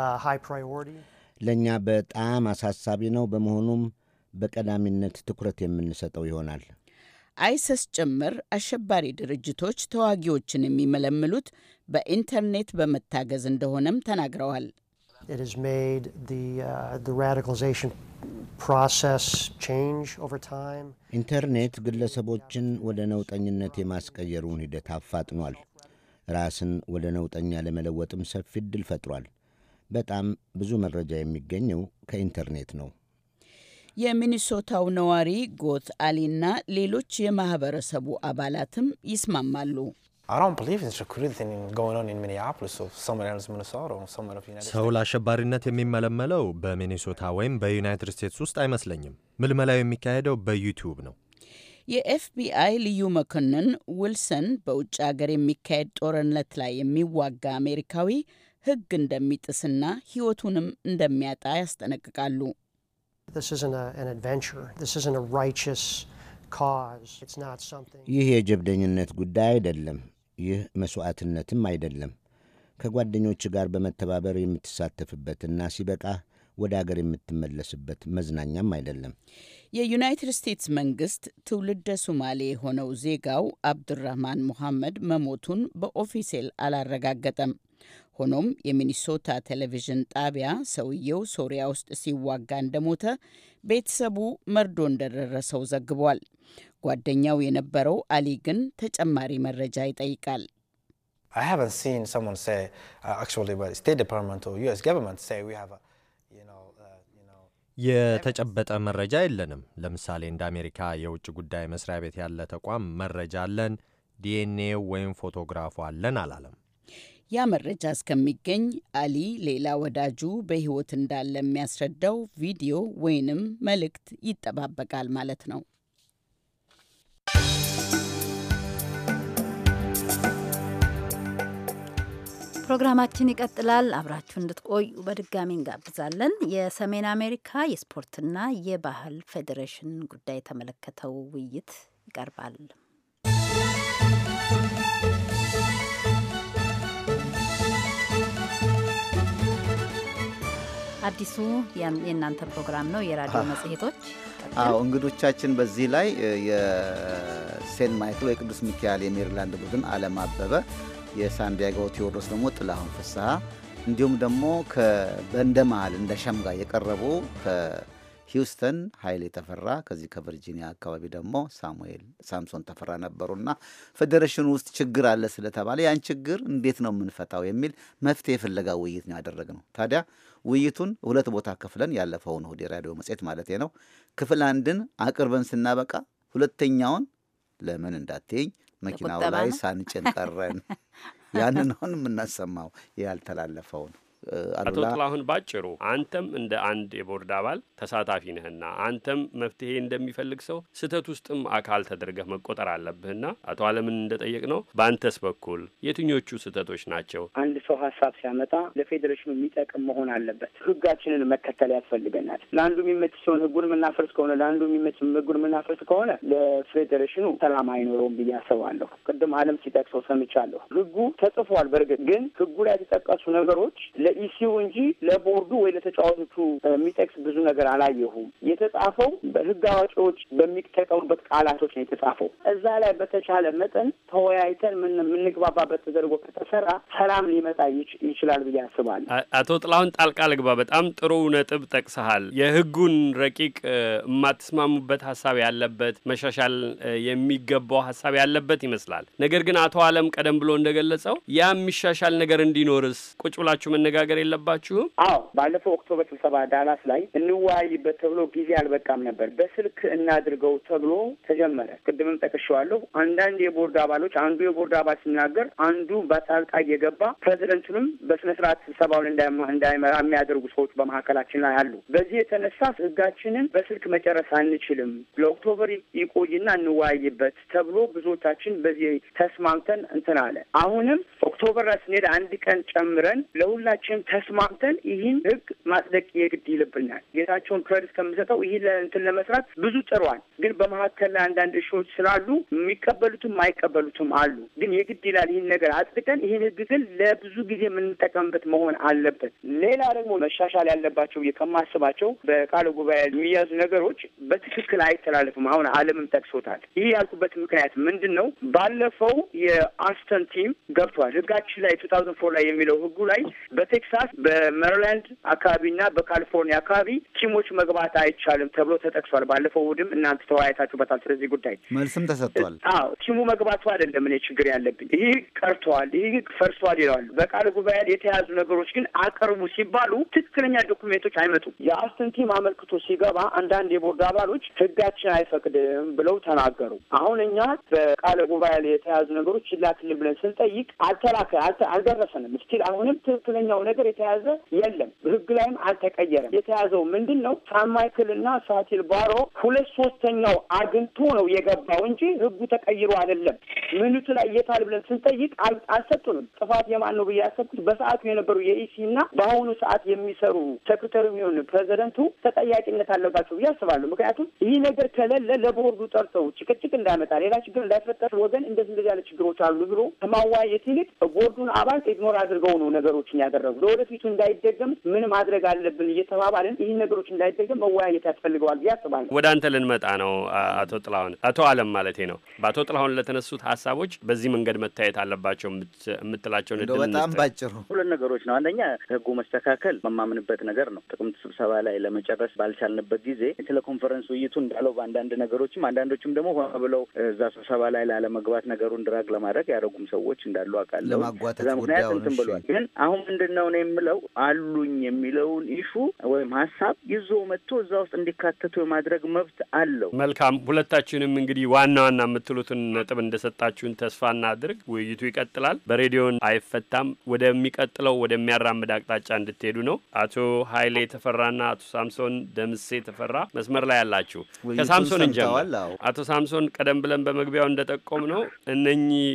uh, ለእኛ በጣም አሳሳቢ ነው። በመሆኑም በቀዳሚነት ትኩረት የምንሰጠው ይሆናል። አይሰስ ጭምር አሸባሪ ድርጅቶች ተዋጊዎችን የሚመለምሉት በኢንተርኔት በመታገዝ እንደሆነም ተናግረዋል። It has made the, uh, the radicalization process change over time. ኢንተርኔት ግለሰቦችን ወደ ነውጠኝነት የማስቀየሩን ሂደት አፋጥኗል። ራስን ወደ ነውጠኛ ለመለወጥም ሰፊ ዕድል ፈጥሯል። በጣም ብዙ መረጃ የሚገኘው ከኢንተርኔት ነው። የሚኒሶታው ነዋሪ ጎት አሊና ሌሎች የማህበረሰቡ አባላትም ይስማማሉ። ሰው ለአሸባሪነት የሚመለመለው በሚኒሶታ ወይም በዩናይትድ ስቴትስ ውስጥ አይመስለኝም። ምልመላው የሚካሄደው በዩቲዩብ ነው። የኤፍቢአይ ልዩ መኮንን ዊልሰን በውጭ ሀገር የሚካሄድ ጦርነት ላይ የሚዋጋ አሜሪካዊ ሕግ እንደሚጥስና ሕይወቱንም እንደሚያጣ ያስጠነቅቃሉ። This isn't a, an adventure. This isn't a righteous ይህ የጀብደኝነት ጉዳይ አይደለም። ይህ መሥዋዕትነትም አይደለም። ከጓደኞች ጋር በመተባበር የምትሳተፍበትና ሲበቃ ወደ አገር የምትመለስበት መዝናኛም አይደለም። የዩናይትድ ስቴትስ መንግስት ትውልደ ሱማሌ የሆነው ዜጋው አብዱራህማን ሙሐመድ መሞቱን በኦፊሴል አላረጋገጠም። ሆኖም የሚኒሶታ ቴሌቪዥን ጣቢያ ሰውየው ሶሪያ ውስጥ ሲዋጋ እንደሞተ ቤተሰቡ መርዶ እንደደረሰው ዘግቧል። ጓደኛው የነበረው አሊ ግን ተጨማሪ መረጃ ይጠይቃል። uh, uh, የተጨበጠ መረጃ የለንም። ለምሳሌ እንደ አሜሪካ የውጭ ጉዳይ መስሪያ ቤት ያለ ተቋም መረጃ አለን፣ ዲኤንኤ ወይም ፎቶግራፉ አለን አላለም። ያ መረጃ እስከሚገኝ አሊ ሌላ ወዳጁ በሕይወት እንዳለ የሚያስረዳው ቪዲዮ ወይንም መልእክት ይጠባበቃል ማለት ነው። ፕሮግራማችን ይቀጥላል። አብራችሁ እንድትቆዩ በድጋሚ እንጋብዛለን። የሰሜን አሜሪካ የስፖርትና የባህል ፌዴሬሽን ጉዳይ የተመለከተው ውይይት ይቀርባል። አዲሱ የእናንተ ፕሮግራም ነው፣ የራዲዮ መጽሔቶች። አዎ እንግዶቻችን በዚህ ላይ የሴንት ማይክል የቅዱስ ሚካኤል የሜሪላንድ ቡድን አለም አበበ፣ የሳንዲያጎ ቴዎድሮስ ደግሞ ጥላሁን ፍስሐ እንዲሁም ደግሞ በእንደ መሃል እንደ ሸምጋ የቀረቡ ሂውስተን ኃይል የተፈራ ከዚህ ከቨርጂኒያ አካባቢ ደግሞ ሳሙኤል ሳምሶን ተፈራ ነበሩና ፌዴሬሽኑ ውስጥ ችግር አለ ስለተባለ ያን ችግር እንዴት ነው የምንፈታው የሚል መፍትሄ ፍለጋ ውይይት ነው ያደረግነው። ታዲያ ውይይቱን ሁለት ቦታ ክፍለን ያለፈውን እሁድ የራዲዮ መጽሔት ማለት ነው ክፍል አንድን አቅርበን ስናበቃ ሁለተኛውን ለምን እንዳትይኝ መኪናው ላይ ሳንጭን ቀረን። ያንን አሁን የምናሰማው ያልተላለፈውን አቶ ጥላሁን ባጭሩ አንተም እንደ አንድ የቦርድ አባል ተሳታፊ ነህና አንተም መፍትሄ እንደሚፈልግ ሰው ስህተት ውስጥም አካል ተደርገህ መቆጠር አለብህና አቶ አለምን እንደጠየቅ ነው በአንተስ በኩል የትኞቹ ስህተቶች ናቸው? አንድ ሰው ሀሳብ ሲያመጣ ለፌዴሬሽኑ የሚጠቅም መሆን አለበት። ህጋችንን መከተል ያስፈልገናል። ለአንዱ የሚመች ሲሆን ህጉን የምናፈርስ ከሆነ ለአንዱ የሚመች ህጉን የምናፈርስ ከሆነ ለፌዴሬሽኑ ሰላም አይኖረውም ብዬ አስባለሁ። ቅድም አለም ሲጠቅሰው ሰምቻለሁ። ህጉ ተጽፏል። በእርግጥ ግን ህጉ ላይ የተጠቀሱ ነገሮች ለ ለኢሲዩ እንጂ ለቦርዱ ወይ ለተጫዋቾቹ የሚጠቅስ ብዙ ነገር አላየሁም። የተጻፈው በህግ አዋቂዎች በሚጠቀሙበት ቃላቶች ነው የተጻፈው። እዛ ላይ በተቻለ መጠን ተወያይተን የምንግባባበት ተደርጎ ከተሰራ ሰላም ሊመጣ ይችላል ብዬ አስባለሁ። አቶ ጥላሁን ጣልቃ ልግባ። በጣም ጥሩ ነጥብ ጠቅሰሃል። የህጉን ረቂቅ የማትስማሙበት ሀሳብ ያለበት መሻሻል የሚገባው ሀሳብ ያለበት ይመስላል። ነገር ግን አቶ አለም ቀደም ብሎ እንደገለጸው ያ የሚሻሻል ነገር እንዲኖርስ ቁጭ ብላችሁ መነጋገር የለባችሁም? አዎ ባለፈው ኦክቶበር ስብሰባ ዳላስ ላይ እንወያይበት ተብሎ ጊዜ አልበቃም ነበር። በስልክ እናድርገው ተብሎ ተጀመረ። ቅድምም ጠቅሼዋለሁ። አንዳንድ የቦርድ አባሎች አንዱ የቦርድ አባል ሲናገር አንዱ በጣልቃ የገባ ፕሬዚደንቱንም በስነ ስርዓት ስብሰባውን እንዳይመራ የሚያደርጉ ሰዎች በመካከላችን ላይ አሉ። በዚህ የተነሳ ህጋችንን በስልክ መጨረስ አንችልም። ለኦክቶበር ይቆይና እንወያይበት ተብሎ ብዙዎቻችን በዚህ ተስማምተን እንትን አለ። አሁንም ኦክቶበር ስንሄድ አንድ ቀን ጨምረን ለሁላችን ሁላችን ተስማምተን ይህን ህግ ማጽደቅ የግድ ይልብናል። ጌታቸውን ክሬዲት ከምሰጠው ይህን ለእንትን ለመስራት ብዙ ጥሯል። ግን በመካከል ላይ አንዳንድ እሾች ስላሉ የሚቀበሉትም አይቀበሉትም አሉ። ግን የግድ ይላል ይህን ነገር አጽድቀን ይህን ህግ ግን ለብዙ ጊዜ የምንጠቀምበት መሆን አለበት። ሌላ ደግሞ መሻሻል ያለባቸው ከማስባቸው በቃለ ጉባኤ የሚያዙ ነገሮች በትክክል አይተላለፍም። አሁን አለምም ጠቅሶታል። ይህ ያልኩበት ምክንያት ምንድን ነው? ባለፈው የአስተን ቲም ገብቷል ህጋችን ላይ ቱ ታውዘንድ ፎር ላይ የሚለው ህጉ ላይ በቴ በቴክሳስ በሜሪላንድ አካባቢና በካሊፎርኒያ አካባቢ ቲሞች መግባት አይቻልም ተብሎ ተጠቅሷል። ባለፈው እሑድም እናንተ ተወያይታችሁበታል። ስለዚህ ጉዳይ መልስም ተሰጥቷል። አዎ ቲሙ መግባቱ አይደለም እኔ ችግር ያለብኝ ይህ ቀርተዋል፣ ይህ ፈርሷል ይለዋል። በቃለ ጉባኤ የተያዙ ነገሮች ግን አቅርቡ ሲባሉ ትክክለኛ ዶኩሜንቶች አይመጡም። የአስትን ቲም አመልክቶ ሲገባ አንዳንድ የቦርድ አባሎች ህጋችን አይፈቅድም ብለው ተናገሩ። አሁን እኛ በቃለ ጉባኤ የተያዙ ነገሮች ይላክልን ብለን ስንጠይቅ አልተላከ አልደረሰንም። ስቲል አሁንም ትክክለኛው ነገር የተያዘ የለም። በህግ ላይም አልተቀየረም። የተያዘው ምንድን ነው? ሳማይክል እና ሳቲል ባሮ ሁለት ሶስተኛው አግኝቶ ነው የገባው እንጂ ህጉ ተቀይሮ አይደለም። ምንቱ ላይ የታል ብለን ስንጠይቅ አልሰጡንም። ጥፋት የማን ነው ብዬ ያሰብኩት በሰዓቱ የነበሩ የኢሲ እና በአሁኑ ሰዓት የሚሰሩ ሴክሬታሪ የሚሆን ፕሬዚደንቱ ተጠያቂነት አለባቸው ብዬ አስባለሁ። ምክንያቱም ይህ ነገር ከሌለ ለቦርዱ ጠርተው ጭቅጭቅ እንዳመጣ ሌላ ችግር እንዳይፈጠር ወገን እንደዚህ እንደዚህ ያለ ችግሮች አሉ ብሎ ከማዋየት ይልቅ ቦርዱን አባል ኢግኖር አድርገው ነው ነገሮችን ያደረጉ ነው። ለወደፊቱ እንዳይደገም ምን ማድረግ አለብን እየተባባልን ይህን ነገሮች እንዳይደገም መወያየት ያስፈልገዋል ብዬ አስባለሁ። ወደ አንተ ልንመጣ ነው አቶ ጥላሁን፣ አቶ አለም ማለቴ ነው። በአቶ ጥላሁን ለተነሱት ሀሳቦች በዚህ መንገድ መታየት አለባቸው የምትላቸው በጣም ባጭሩ ሁለት ነገሮች ነው። አንደኛ ህጉ መስተካከል መማምንበት ነገር ነው። ጥቅምት ስብሰባ ላይ ለመጨረስ ባልቻልንበት ጊዜ ስለ ኮንፈረንስ ውይይቱ እንዳለው በአንዳንድ ነገሮችም አንዳንዶችም ደግሞ ሆነ ብለው እዛ ስብሰባ ላይ ላለመግባት ነገሩን ድራግ ለማድረግ ያደረጉም ሰዎች እንዳሉ አውቃለሁ። ለማጓተት ምክንያት እንትን ብሏል። ግን አሁን ምንድን ነው ነው ነው የምለው አሉኝ የሚለውን ኢሹ ወይም ሀሳብ ይዞ መጥቶ እዛ ውስጥ እንዲካተቱ የማድረግ መብት አለው። መልካም። ሁለታችሁንም እንግዲህ ዋና ዋና የምትሉትን ነጥብ እንደሰጣችሁን ተስፋ እናድርግ። ውይይቱ ይቀጥላል። በሬዲዮን አይፈታም። ወደሚቀጥለው ወደሚያራምድ አቅጣጫ እንድትሄዱ ነው። አቶ ኃይሌ ተፈራና አቶ ሳምሶን ደምሴ ተፈራ መስመር ላይ ያላችሁ ከሳምሶን እንጀምር። አቶ ሳምሶን ቀደም ብለን በመግቢያው እንደጠቆም ነው እነኚህ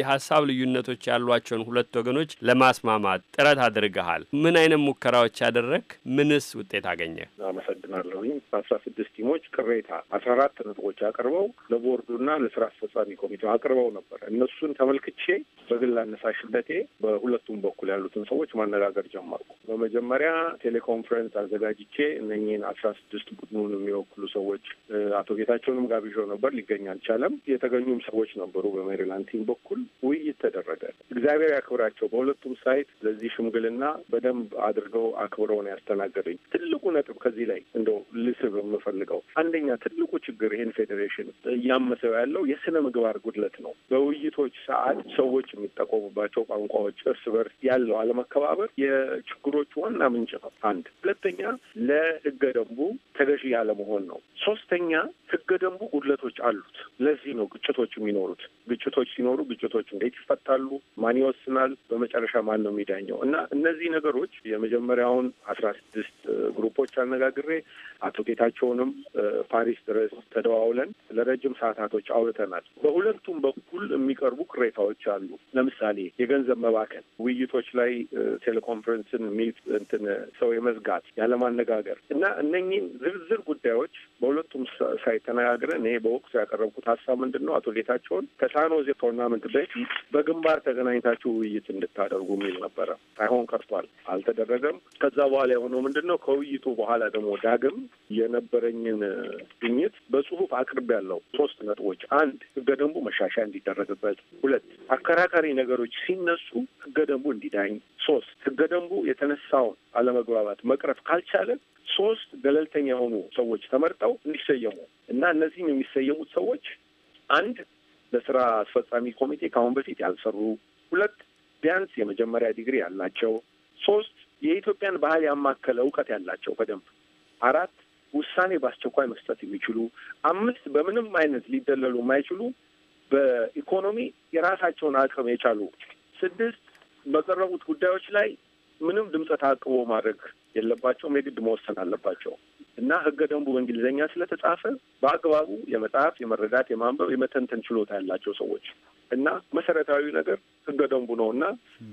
የሀሳብ ልዩነቶች ያሏቸውን ሁለት ወገኖች ለማስማማት ጥረት አድርገሃል። ምን አይነት ሙከራዎች አደረግ? ምንስ ውጤት አገኘ? አመሰግናለሁኝ። አስራ ስድስት ቲሞች ቅሬታ አስራ አራት ነጥቦች አቅርበው ለቦርዱና ለስራ አስፈጻሚ ኮሚቴው አቅርበው ነበር። እነሱን ተመልክቼ በግል አነሳሽነቴ በሁለቱም በኩል ያሉትን ሰዎች ማነጋገር ጀመርኩ። በመጀመሪያ ቴሌኮንፈረንስ አዘጋጅቼ እነኚህን አስራ ስድስት ቡድኑን የሚወክሉ ሰዎች አቶ ጌታቸውንም ጋብዣው ነበር። ሊገኝ አልቻለም። የተገኙም ሰዎች ነበሩ። በሜሪላንድ ቲም በኩል ውይይት ተደረገ። እግዚአብሔር ያክብራቸው። በሁለቱም ሳይት ለዚህ ሽምግ ሽምግልና በደንብ አድርገው አክብረውን ያስተናገደኝ ትልቁ ነጥብ ከዚህ ላይ እንደው ልስብ የምፈልገው አንደኛ ትልቁ ችግር ይህን ፌዴሬሽን እያመሰው ያለው የስነ ምግባር ጉድለት ነው። በውይይቶች ሰዓት ሰዎች የሚጠቆሙባቸው ቋንቋዎች፣ እርስ በርስ ያለው አለመከባበር የችግሮች ዋና ምንጭ ነው። አንድ ሁለተኛ ለህገ ደንቡ ተገዢ ያለመሆን ነው። ሶስተኛ ህገ ደንቡ ጉድለቶች አሉት። ለዚህ ነው ግጭቶች የሚኖሩት። ግጭቶች ሲኖሩ ግጭቶች እንዴት ይፈታሉ? ማን ይወስናል? በመጨረሻ ማን ነው የሚዳኘው? እና እነዚህ ነገሮች የመጀመሪያውን አስራ ስድስት ግሩፖች አነጋግሬ አቶ ጌታቸውንም ፓሪስ ድረስ ተደዋውለን ለረጅም ሰዓታቶች አውርተናል። በሁለቱም በኩል የሚቀርቡ ቅሬታዎች አሉ። ለምሳሌ የገንዘብ መባከን፣ ውይይቶች ላይ ቴሌኮንፈረንስን ሚት እንትን ሰው የመዝጋት ያለማነጋገር እና እነኚህን ዝርዝር ጉዳዮች በሁለቱም ሳይ ተነጋግረን ይሄ በወቅቱ ያቀረብኩት ሀሳብ ምንድን ነው አቶ ጌታቸውን ከሳኖዜ ቶርናመንት በፊት በግንባር ተገናኝታችሁ ውይይት እንድታደርጉ የሚል ነበረ ሳይሆን እስካሁን ቀርቷል፣ አልተደረገም። ከዛ በኋላ የሆነው ምንድን ነው? ከውይይቱ በኋላ ደግሞ ዳግም የነበረኝን ግኝት በጽሁፍ አቅርብ ያለው ሶስት ነጥቦች፣ አንድ ህገ ደንቡ መሻሻያ እንዲደረግበት፣ ሁለት አከራካሪ ነገሮች ሲነሱ ህገ ደንቡ እንዲዳኝ፣ ሶስት ህገ ደንቡ የተነሳውን አለመግባባት መቅረፍ ካልቻለ ሶስት ገለልተኛ የሆኑ ሰዎች ተመርጠው እንዲሰየሙ እና እነዚህም የሚሰየሙት ሰዎች አንድ ለስራ አስፈጻሚ ኮሚቴ ከአሁን በፊት ያልሰሩ፣ ሁለት ቢያንስ የመጀመሪያ ዲግሪ ያላቸው፣ ሶስት የኢትዮጵያን ባህል ያማከለ እውቀት ያላቸው በደንብ፣ አራት ውሳኔ በአስቸኳይ መስጠት የሚችሉ፣ አምስት በምንም አይነት ሊደለሉ የማይችሉ በኢኮኖሚ የራሳቸውን አቅም የቻሉ፣ ስድስት በቀረቡት ጉዳዮች ላይ ምንም ድምፀ ተአቅቦ ማድረግ የለባቸውም፣ የግድ መወሰን አለባቸው እና ህገ ደንቡ በእንግሊዝኛ ስለተጻፈ በአግባቡ የመጽሐፍ የመረዳት የማንበብ የመተንተን ችሎታ ያላቸው ሰዎች እና መሰረታዊ ነገር ህገ ደንቡ ነው እና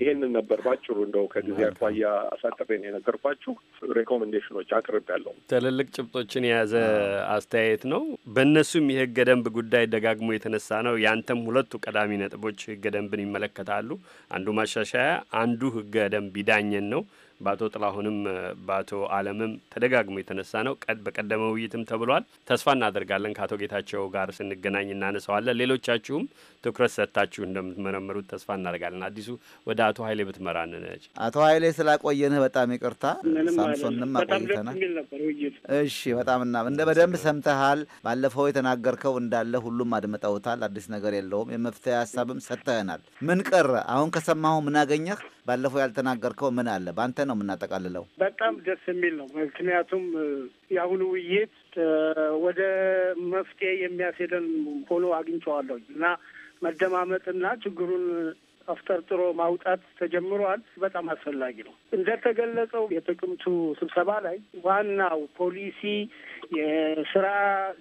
ይሄንን ነበር ባጭሩ እንደው ከጊዜ አኳያ አሳጥሬን የነገርኳችሁ ሬኮሜንዴሽኖች አቅርብ ያለው ትልልቅ ጭብጦችን የያዘ አስተያየት ነው። በእነሱም የህገ ደንብ ጉዳይ ደጋግሞ የተነሳ ነው። ያንተም ሁለቱ ቀዳሚ ነጥቦች ህገ ደንብን ይመለከታሉ። አንዱ ማሻሻያ፣ አንዱ ህገ ደንብ ይዳኘን ነው። በአቶ ጥላሁንም በአቶ አለምም ተደጋግሞ የተነሳ ነው። ቀድ በቀደመ ውይይትም ተብሏል። ተስፋ እናደርጋለን ከአቶ ጌታቸው ጋር ስንገናኝ እናነሳዋለን። ሌሎቻችሁም ትኩረት ሰጥታችሁ እንደምትመረምሩት ተስፋ እናደርጋለን። አዲሱ ወደ አቶ ኃይሌ ብትመራን ነች። አቶ ኃይሌ ስላቆየንህ በጣም ይቅርታ። ሳምሶንም አቆይተናል። እሺ፣ በጣም እና እንደ በደንብ ሰምተሃል። ባለፈው የተናገርከው እንዳለ ሁሉም አድምጠውታል። አዲስ ነገር የለውም። የመፍትሄ ሀሳብም ሰጥተህናል። ምን ቀረ? አሁን ከሰማሁ ምን አገኘህ? ባለፈው ያልተናገርከው ምን አለ በአንተ ብለን ነው የምናጠቃልለው። በጣም ደስ የሚል ነው። ምክንያቱም የአሁኑ ውይይት ወደ መፍትሄ የሚያስሄደን ሆኖ አግኝቼዋለሁ እና መደማመጥና ችግሩን አፍጠርጥሮ ማውጣት ተጀምሯል። በጣም አስፈላጊ ነው። እንደተገለጸው የጥቅምቱ ስብሰባ ላይ ዋናው ፖሊሲ የስራ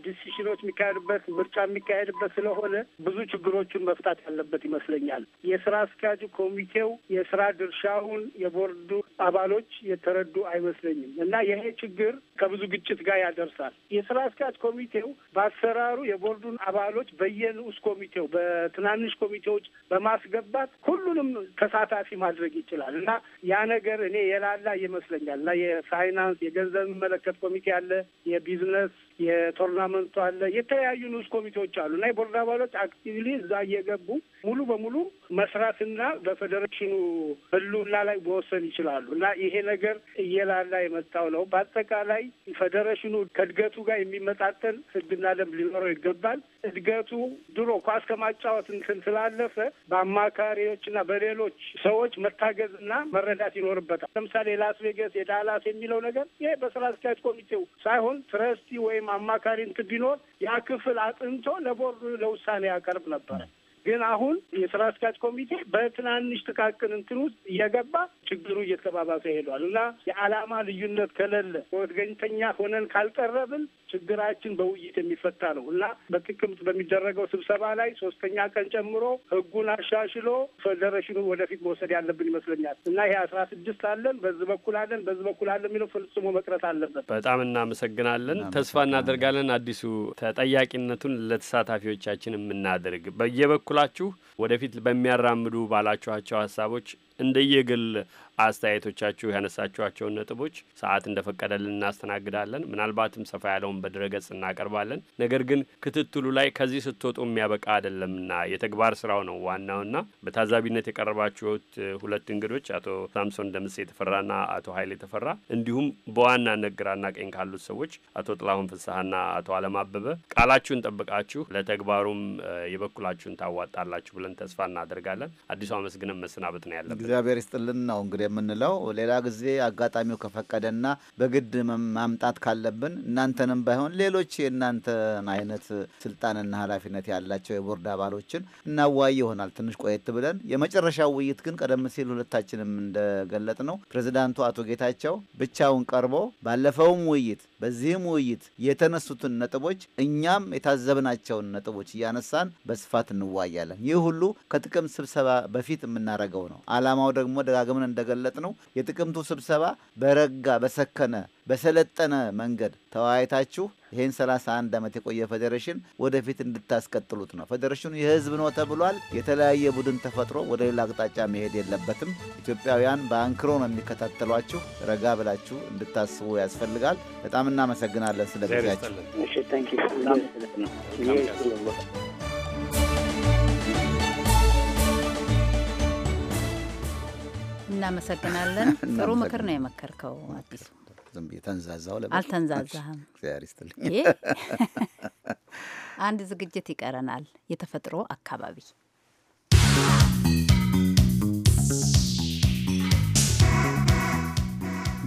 ዲሲሽኖች የሚካሄድበት ምርጫ የሚካሄድበት ስለሆነ ብዙ ችግሮቹን መፍታት ያለበት ይመስለኛል። የስራ አስኪያጁ ኮሚቴው የስራ ድርሻውን የቦርዱ አባሎች የተረዱ አይመስለኝም እና ይሄ ችግር ከብዙ ግጭት ጋር ያደርሳል። የስራ አስኪያጅ ኮሚቴው በአሰራሩ የቦርዱን አባሎች በየንዑስ ኮሚቴው በትናንሽ ኮሚቴዎች በማስገባት ሁሉንም ተሳታፊ ማድረግ ይችላል እና ያ ነገር እኔ የላላ ይመስለኛል እና የፋይናንስ የገንዘብ የሚመለከት ኮሚቴ አለ፣ የቢዝነስ የቶርናመንቱ አለ፣ የተለያዩ ንዑስ ኮሚቴዎች አሉ እና የቦርድ አባሎች አክቲቭሊ እዛ እየገቡ ሙሉ በሙሉ መስራትና በፌዴሬሽኑ ህልውና ላይ መወሰን ይችላሉ እና ይሄ ነገር እየላላ የመጣው ነው። በአጠቃላይ ፌዴሬሽኑ ከእድገቱ ጋር የሚመጣጠን ህግና ደንብ ሊኖረው ይገባል። እድገቱ ድሮ ኳስ ከማጫወት እንትን ስላለፈ በአማካሪዎችና በሌሎች ሰዎች መታገዝና መረዳት ይኖርበታል። ለምሳሌ ላስ ቬገስ የዳላስ የሚለው ነገር ይሄ በስራ አስኪያጅ ኮሚቴው ሳይሆን ትረስቲ ወይም ወይም አማካሪ እንትን ቢኖር ያ ክፍል አጥንቶ ለቦርዱ ለውሳኔ ያቀርብ ነበረ። ግን አሁን የስራ አስኪያጅ ኮሚቴ በትናንሽ ጥቃቅን እንትን ውስጥ እየገባ ችግሩ እየተባባሰ ሄዷል እና የዓላማ ልዩነት ከሌለ ወገንተኛ ሆነን ካልቀረብን ችግራችን በውይይት የሚፈታ ነው እና በጥቅምት በሚደረገው ስብሰባ ላይ ሶስተኛ ቀን ጨምሮ ህጉን አሻሽሎ ፌዴሬሽኑ ወደፊት መውሰድ ያለብን ይመስለኛል እና ይሄ አስራ ስድስት አለን በዚህ በኩል አለን በዚህ በኩል አለን የሚለው ፈጽሞ መቅረት አለበት። በጣም እናመሰግናለን። ተስፋ እናደርጋለን አዲሱ ተጠያቂነቱን ለተሳታፊዎቻችን የምናደርግ በየበኩላችሁ ወደፊት በሚያራምዱ ባላችኋቸው ሀሳቦች እንደየግል አስተያየቶቻችሁ ያነሳችኋቸውን ነጥቦች ሰዓት እንደፈቀደልን እናስተናግዳለን። ምናልባትም ሰፋ ያለውን በድረገጽ እናቀርባለን። ነገር ግን ክትትሉ ላይ ከዚህ ስትወጡ የሚያበቃ አይደለምና የተግባር ስራው ነው ዋናውና በታዛቢነት የቀረባችሁት ሁለት እንግዶች አቶ ሳምሶን ደምስ የተፈራና አቶ ሀይል የተፈራ እንዲሁም በዋናነት ግራና ቀኝ ካሉት ሰዎች አቶ ጥላሁን ፍስሀና አቶ አለም አበበ ቃላችሁን ጠብቃችሁ ለተግባሩም የበኩላችሁን ታዋጣላችሁ ብለን ተስፋ እናደርጋለን። አዲሱ አመስግንም መሰናበት ነው ያለብን። እግዚአብሔር ይስጥልን ነው እንግዲህ የምንለው። ሌላ ጊዜ አጋጣሚው ከፈቀደና በግድ ማምጣት ካለብን እናንተንም ባይሆን ሌሎች የእናንተን አይነት ስልጣንና ኃላፊነት ያላቸው የቦርድ አባሎችን እናዋይ ይሆናል ትንሽ ቆየት ብለን። የመጨረሻው ውይይት ግን ቀደም ሲል ሁለታችንም እንደገለጥ ነው ፕሬዚዳንቱ አቶ ጌታቸው ብቻውን ቀርቦ ባለፈውም ውይይት በዚህም ውይይት የተነሱትን ነጥቦች እኛም የታዘብናቸውን ነጥቦች እያነሳን በስፋት እንዋያለን። ይህ ሁሉ ከጥቅምት ስብሰባ በፊት የምናደርገው ነው። ዓላማው ደግሞ ደጋግመን እንደገለጥ ነው የጥቅምቱ ስብሰባ በረጋ በሰከነ በሰለጠነ መንገድ ተወያይታችሁ ይህን 31 ዓመት የቆየ ፌዴሬሽን ወደፊት እንድታስቀጥሉት ነው። ፌዴሬሽኑ የህዝብ ነው ተብሏል። የተለያየ ቡድን ተፈጥሮ ወደ ሌላ አቅጣጫ መሄድ የለበትም። ኢትዮጵያውያን በአንክሮ ነው የሚከታተሏችሁ። ረጋ ብላችሁ እንድታስቡ ያስፈልጋል። በጣም እናመሰግናለን ስለ ጊዜያችሁ። እናመሰግናለን። ጥሩ ምክር ነው የመከርከው አዲሱ ዝም ተንዛዛው አልተንዛዛህም። እግዚአብሔር ይስጥልኝ። አንድ ዝግጅት ይቀረናል። የተፈጥሮ አካባቢ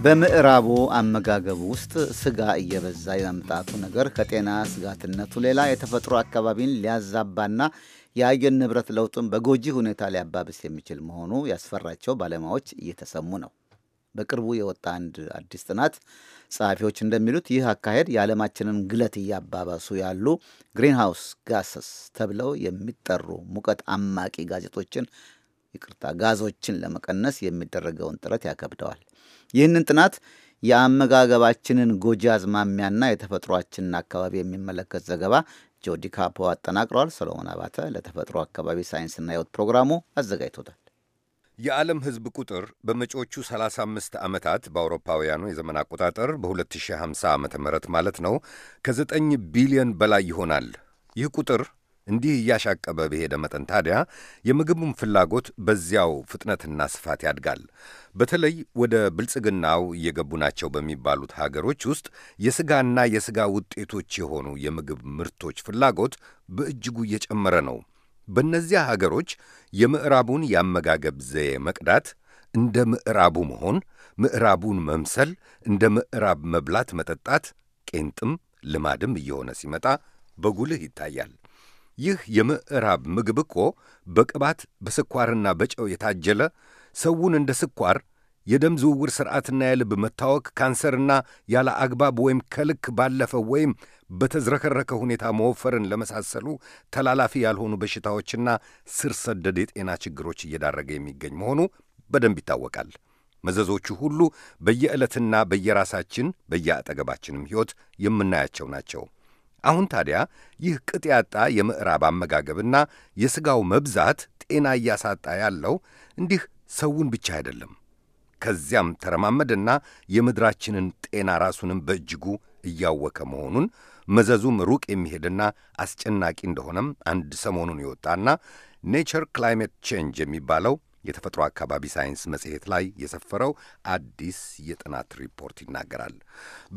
በምዕራቡ አመጋገብ ውስጥ ስጋ እየበዛ የመምጣቱ ነገር ከጤና ስጋትነቱ ሌላ የተፈጥሮ አካባቢን ሊያዛባና የአየር ንብረት ለውጡን በጎጂ ሁኔታ ሊያባብስ የሚችል መሆኑ ያስፈራቸው ባለሙያዎች እየተሰሙ ነው። በቅርቡ የወጣ አንድ አዲስ ጥናት ጸሐፊዎች እንደሚሉት ይህ አካሄድ የዓለማችንን ግለት እያባባሱ ያሉ ግሪንሃውስ ጋስስ ተብለው የሚጠሩ ሙቀት አማቂ ጋዜጦችን ይቅርታ ጋዞችን ለመቀነስ የሚደረገውን ጥረት ያከብደዋል። ይህንን ጥናት የአመጋገባችንን ጎጂ አዝማሚያና የተፈጥሯችንን አካባቢ የሚመለከት ዘገባ ጆዲ ካፖ አጠናቅረዋል። ሰሎሞን አባተ ለተፈጥሮ አካባቢ ሳይንስና ሕይወት ፕሮግራሙ አዘጋጅቶታል። የዓለም ሕዝብ ቁጥር በመጪዎቹ 35 ዓመታት በአውሮፓውያኑ የዘመን አቆጣጠር በ2050 ዓ ም ማለት ነው ከ9 ቢሊዮን በላይ ይሆናል። ይህ ቁጥር እንዲህ እያሻቀበ በሄደ መጠን ታዲያ የምግቡን ፍላጎት በዚያው ፍጥነትና ስፋት ያድጋል። በተለይ ወደ ብልጽግናው እየገቡ ናቸው በሚባሉት ሀገሮች ውስጥ የሥጋና የሥጋ ውጤቶች የሆኑ የምግብ ምርቶች ፍላጎት በእጅጉ እየጨመረ ነው። በእነዚያ ሀገሮች የምዕራቡን የአመጋገብ ዘዬ መቅዳት እንደ ምዕራቡ መሆን፣ ምዕራቡን መምሰል፣ እንደ ምዕራብ መብላት መጠጣት ቄንጥም ልማድም እየሆነ ሲመጣ በጉልህ ይታያል። ይህ የምዕራብ ምግብ እኮ በቅባት በስኳርና በጨው የታጀለ ሰውን እንደ ስኳር፣ የደም ዝውውር ሥርዓትና የልብ መታወክ፣ ካንሰርና ያለ አግባብ ወይም ከልክ ባለፈ ወይም በተዝረከረከ ሁኔታ መወፈርን ለመሳሰሉ ተላላፊ ያልሆኑ በሽታዎችና ስር ሰደድ የጤና ችግሮች እየዳረገ የሚገኝ መሆኑ በደንብ ይታወቃል። መዘዞቹ ሁሉ በየዕለትና በየራሳችን በየአጠገባችንም ሕይወት የምናያቸው ናቸው። አሁን ታዲያ ይህ ቅጥ ያጣ የምዕራብ አመጋገብና የሥጋው መብዛት ጤና እያሳጣ ያለው እንዲህ ሰውን ብቻ አይደለም። ከዚያም ተረማመደና የምድራችንን ጤና ራሱንም በእጅጉ እያወከ መሆኑን መዘዙም ሩቅ የሚሄድና አስጨናቂ እንደሆነም አንድ ሰሞኑን የወጣና ኔቸር ክላይሜት ቼንጅ የሚባለው የተፈጥሮ አካባቢ ሳይንስ መጽሔት ላይ የሰፈረው አዲስ የጥናት ሪፖርት ይናገራል።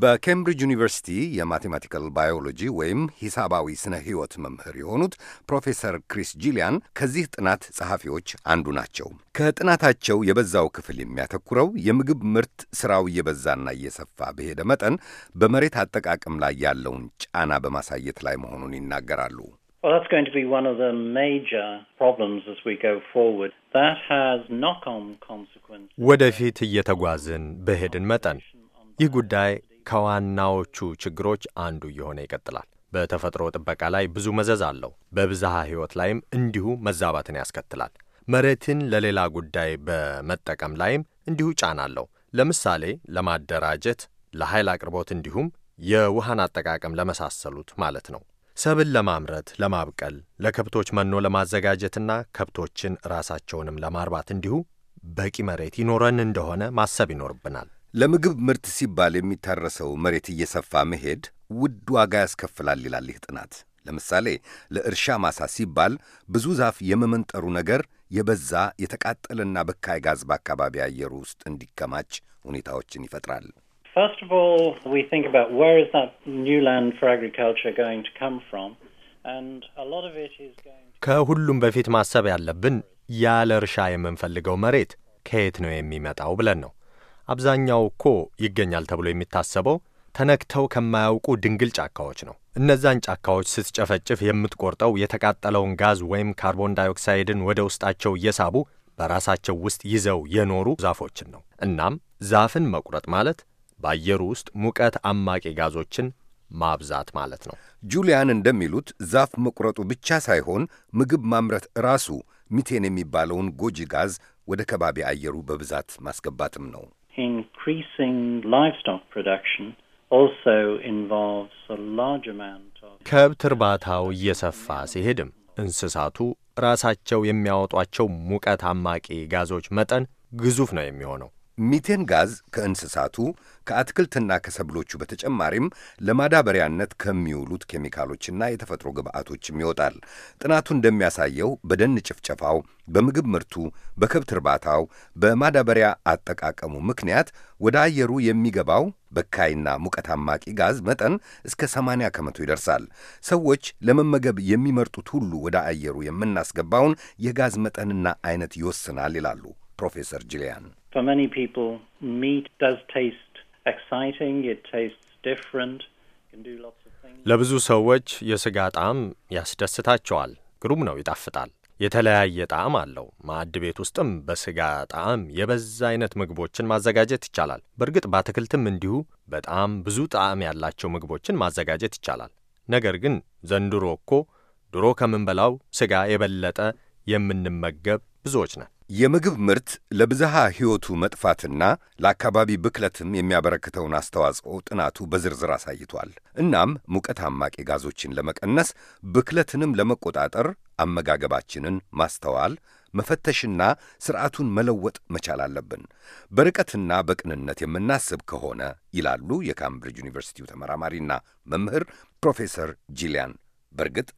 በኬምብሪጅ ዩኒቨርሲቲ የማቴማቲካል ባዮሎጂ ወይም ሂሳባዊ ስነ ሕይወት መምህር የሆኑት ፕሮፌሰር ክሪስ ጂሊያን ከዚህ ጥናት ጸሐፊዎች አንዱ ናቸው። ከጥናታቸው የበዛው ክፍል የሚያተኩረው የምግብ ምርት ስራው እየበዛና እየሰፋ በሄደ መጠን በመሬት አጠቃቀም ላይ ያለውን ጫና በማሳየት ላይ መሆኑን ይናገራሉ። Well, that's going to be one of the major problems as we go forward. That has knock-on consequences. ወደፊት እየተጓዝን በሄድን መጠን ይህ ጉዳይ ከዋናዎቹ ችግሮች አንዱ እየሆነ ይቀጥላል። በተፈጥሮ ጥበቃ ላይ ብዙ መዘዝ አለው። በብዝሃ ሕይወት ላይም እንዲሁ መዛባትን ያስከትላል። መሬትን ለሌላ ጉዳይ በመጠቀም ላይም እንዲሁ ጫና አለው። ለምሳሌ ለማደራጀት፣ ለኃይል አቅርቦት እንዲሁም የውሃን አጠቃቀም ለመሳሰሉት ማለት ነው። ሰብል ለማምረት ለማብቀል፣ ለከብቶች መኖ ለማዘጋጀትና ከብቶችን ራሳቸውንም ለማርባት እንዲሁ በቂ መሬት ይኖረን እንደሆነ ማሰብ ይኖርብናል። ለምግብ ምርት ሲባል የሚታረሰው መሬት እየሰፋ መሄድ ውድ ዋጋ ያስከፍላል ይላል ይህ ጥናት። ለምሳሌ ለእርሻ ማሳ ሲባል ብዙ ዛፍ የመመንጠሩ ነገር የበዛ የተቃጠለና በካይ ጋዝ በአካባቢ አየሩ ውስጥ እንዲከማች ሁኔታዎችን ይፈጥራል። First of all, we think about where is that new land for agriculture going to come from? And a lot of it is going to... ከሁሉም በፊት ማሰብ ያለብን ያለ እርሻ የምንፈልገው መሬት ከየት ነው የሚመጣው ብለን ነው። አብዛኛው እኮ ይገኛል ተብሎ የሚታሰበው ተነክተው ከማያውቁ ድንግል ጫካዎች ነው። እነዛን ጫካዎች ስትጨፈጭፍ የምትቆርጠው የተቃጠለውን ጋዝ ወይም ካርቦን ዳይኦክሳይድን ወደ ውስጣቸው እየሳቡ በራሳቸው ውስጥ ይዘው የኖሩ ዛፎችን ነው። እናም ዛፍን መቁረጥ ማለት በአየሩ ውስጥ ሙቀት አማቂ ጋዞችን ማብዛት ማለት ነው። ጁሊያን እንደሚሉት ዛፍ መቁረጡ ብቻ ሳይሆን ምግብ ማምረት ራሱ ሚቴን የሚባለውን ጎጂ ጋዝ ወደ ከባቢ አየሩ በብዛት ማስገባትም ነው። ከብት እርባታው እየሰፋ ሲሄድም እንስሳቱ ራሳቸው የሚያወጧቸው ሙቀት አማቂ ጋዞች መጠን ግዙፍ ነው የሚሆነው። ሚቴን ጋዝ ከእንስሳቱ ከአትክልትና ከሰብሎቹ በተጨማሪም ለማዳበሪያነት ከሚውሉት ኬሚካሎችና የተፈጥሮ ግብዓቶችም ይወጣል። ጥናቱ እንደሚያሳየው በደን ጭፍጨፋው፣ በምግብ ምርቱ፣ በከብት እርባታው፣ በማዳበሪያ አጠቃቀሙ ምክንያት ወደ አየሩ የሚገባው በካይና ሙቀት አማቂ ጋዝ መጠን እስከ 80 ከመቶ ይደርሳል። ሰዎች ለመመገብ የሚመርጡት ሁሉ ወደ አየሩ የምናስገባውን የጋዝ መጠንና አይነት ይወስናል ይላሉ ፕሮፌሰር ጂሊያን ለብዙ ሰዎች የስጋ ጣዕም ያስደስታቸዋል። ግሩም ነው፣ ይጣፍጣል። የተለያየ ጣዕም አለው። ማዕድ ቤት ውስጥም በስጋ ጣዕም የበዛ አይነት ምግቦችን ማዘጋጀት ይቻላል። በእርግጥ በአትክልትም እንዲሁ በጣም ብዙ ጣዕም ያላቸው ምግቦችን ማዘጋጀት ይቻላል። ነገር ግን ዘንድሮ እኮ ድሮ ከምንበላው ስጋ የበለጠ የምንመገብ ብዙዎች ነን። የምግብ ምርት ለብዝሃ ሕይወቱ መጥፋትና ለአካባቢ ብክለትም የሚያበረክተውን አስተዋጽኦ ጥናቱ በዝርዝር አሳይቷል። እናም ሙቀት አማቂ ጋዞችን ለመቀነስ ብክለትንም ለመቆጣጠር አመጋገባችንን ማስተዋል መፈተሽና ስርዓቱን መለወጥ መቻል አለብን በርቀትና በቅንነት የምናስብ ከሆነ ይላሉ የካምብሪጅ ዩኒቨርሲቲው ተመራማሪና መምህር ፕሮፌሰር ጂሊያን። በእርግጥ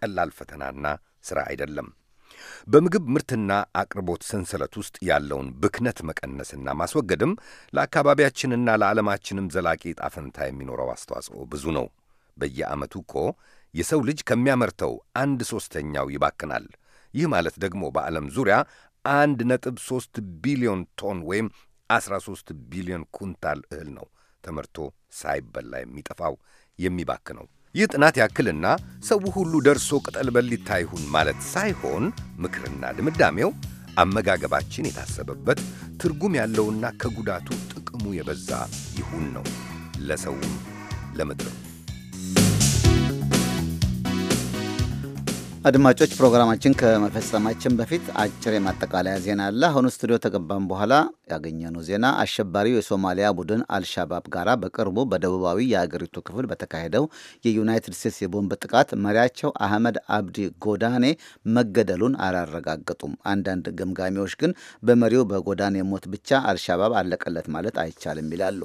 ቀላል ፈተናና ሥራ አይደለም። በምግብ ምርትና አቅርቦት ሰንሰለት ውስጥ ያለውን ብክነት መቀነስና ማስወገድም ለአካባቢያችንና ለዓለማችንም ዘላቂ ጣፈንታ የሚኖረው አስተዋጽኦ ብዙ ነው። በየዓመቱ እኮ የሰው ልጅ ከሚያመርተው አንድ ሦስተኛው ይባክናል። ይህ ማለት ደግሞ በዓለም ዙሪያ አንድ ነጥብ ሦስት ቢሊዮን ቶን ወይም 13 ቢሊዮን ኩንታል እህል ነው ተመርቶ ሳይበላ የሚጠፋው የሚባክነው። ይህ ጥናት ያክልና ሰው ሁሉ ደርሶ ቅጠል በሊታ ይሁን ማለት ሳይሆን ምክርና ድምዳሜው አመጋገባችን የታሰበበት ትርጉም ያለውና ከጉዳቱ ጥቅሙ የበዛ ይሁን ነው ለሰውም ለምድርም። አድማጮች ፕሮግራማችን ከመፈጸማችን በፊት አጭር የማጠቃለያ ዜና አለ። አሁኑ ስቱዲዮ ተገባም በኋላ ያገኘነው ዜና አሸባሪው የሶማሊያ ቡድን አልሻባብ ጋራ በቅርቡ በደቡባዊ የአገሪቱ ክፍል በተካሄደው የዩናይትድ ስቴትስ የቦምብ ጥቃት መሪያቸው አህመድ አብዲ ጎዳኔ መገደሉን አላረጋገጡም። አንዳንድ ግምጋሚዎች ግን በመሪው በጎዳኔ ሞት ብቻ አልሻባብ አለቀለት ማለት አይቻልም ይላሉ።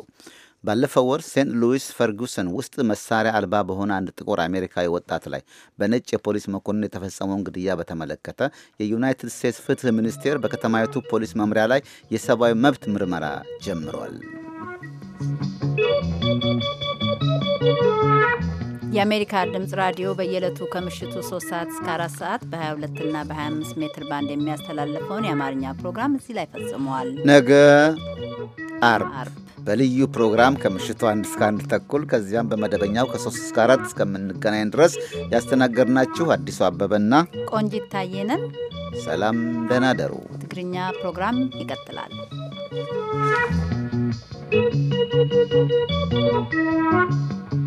ባለፈው ወር ሴንት ሉዊስ ፈርጉሰን ውስጥ መሳሪያ አልባ በሆነ አንድ ጥቁር አሜሪካዊ ወጣት ላይ በነጭ የፖሊስ መኮንን የተፈጸመውን ግድያ በተመለከተ የዩናይትድ ስቴትስ ፍትህ ሚኒስቴር በከተማይቱ ፖሊስ መምሪያ ላይ የሰብአዊ መብት ምርመራ ጀምሯል። የአሜሪካ ድምፅ ራዲዮ በየዕለቱ ከምሽቱ 3 ሰዓት እስከ 4 ሰዓት በ22 እና በ25 ሜትር ባንድ የሚያስተላልፈውን የአማርኛ ፕሮግራም እዚህ ላይ ፈጽመዋል። ነገ አርብ በልዩ ፕሮግራም ከምሽቱ አንድ እስከ አንድ ተኩል ከዚያም በመደበኛው ከ3 እስከ 4 እስከምንገናኝ ድረስ ያስተናገድናችሁ አዲሱ አበበና ቆንጂት ታየነን። ሰላም ደህና ደሩ። ትግርኛ ፕሮግራም ይቀጥላል። Thank you.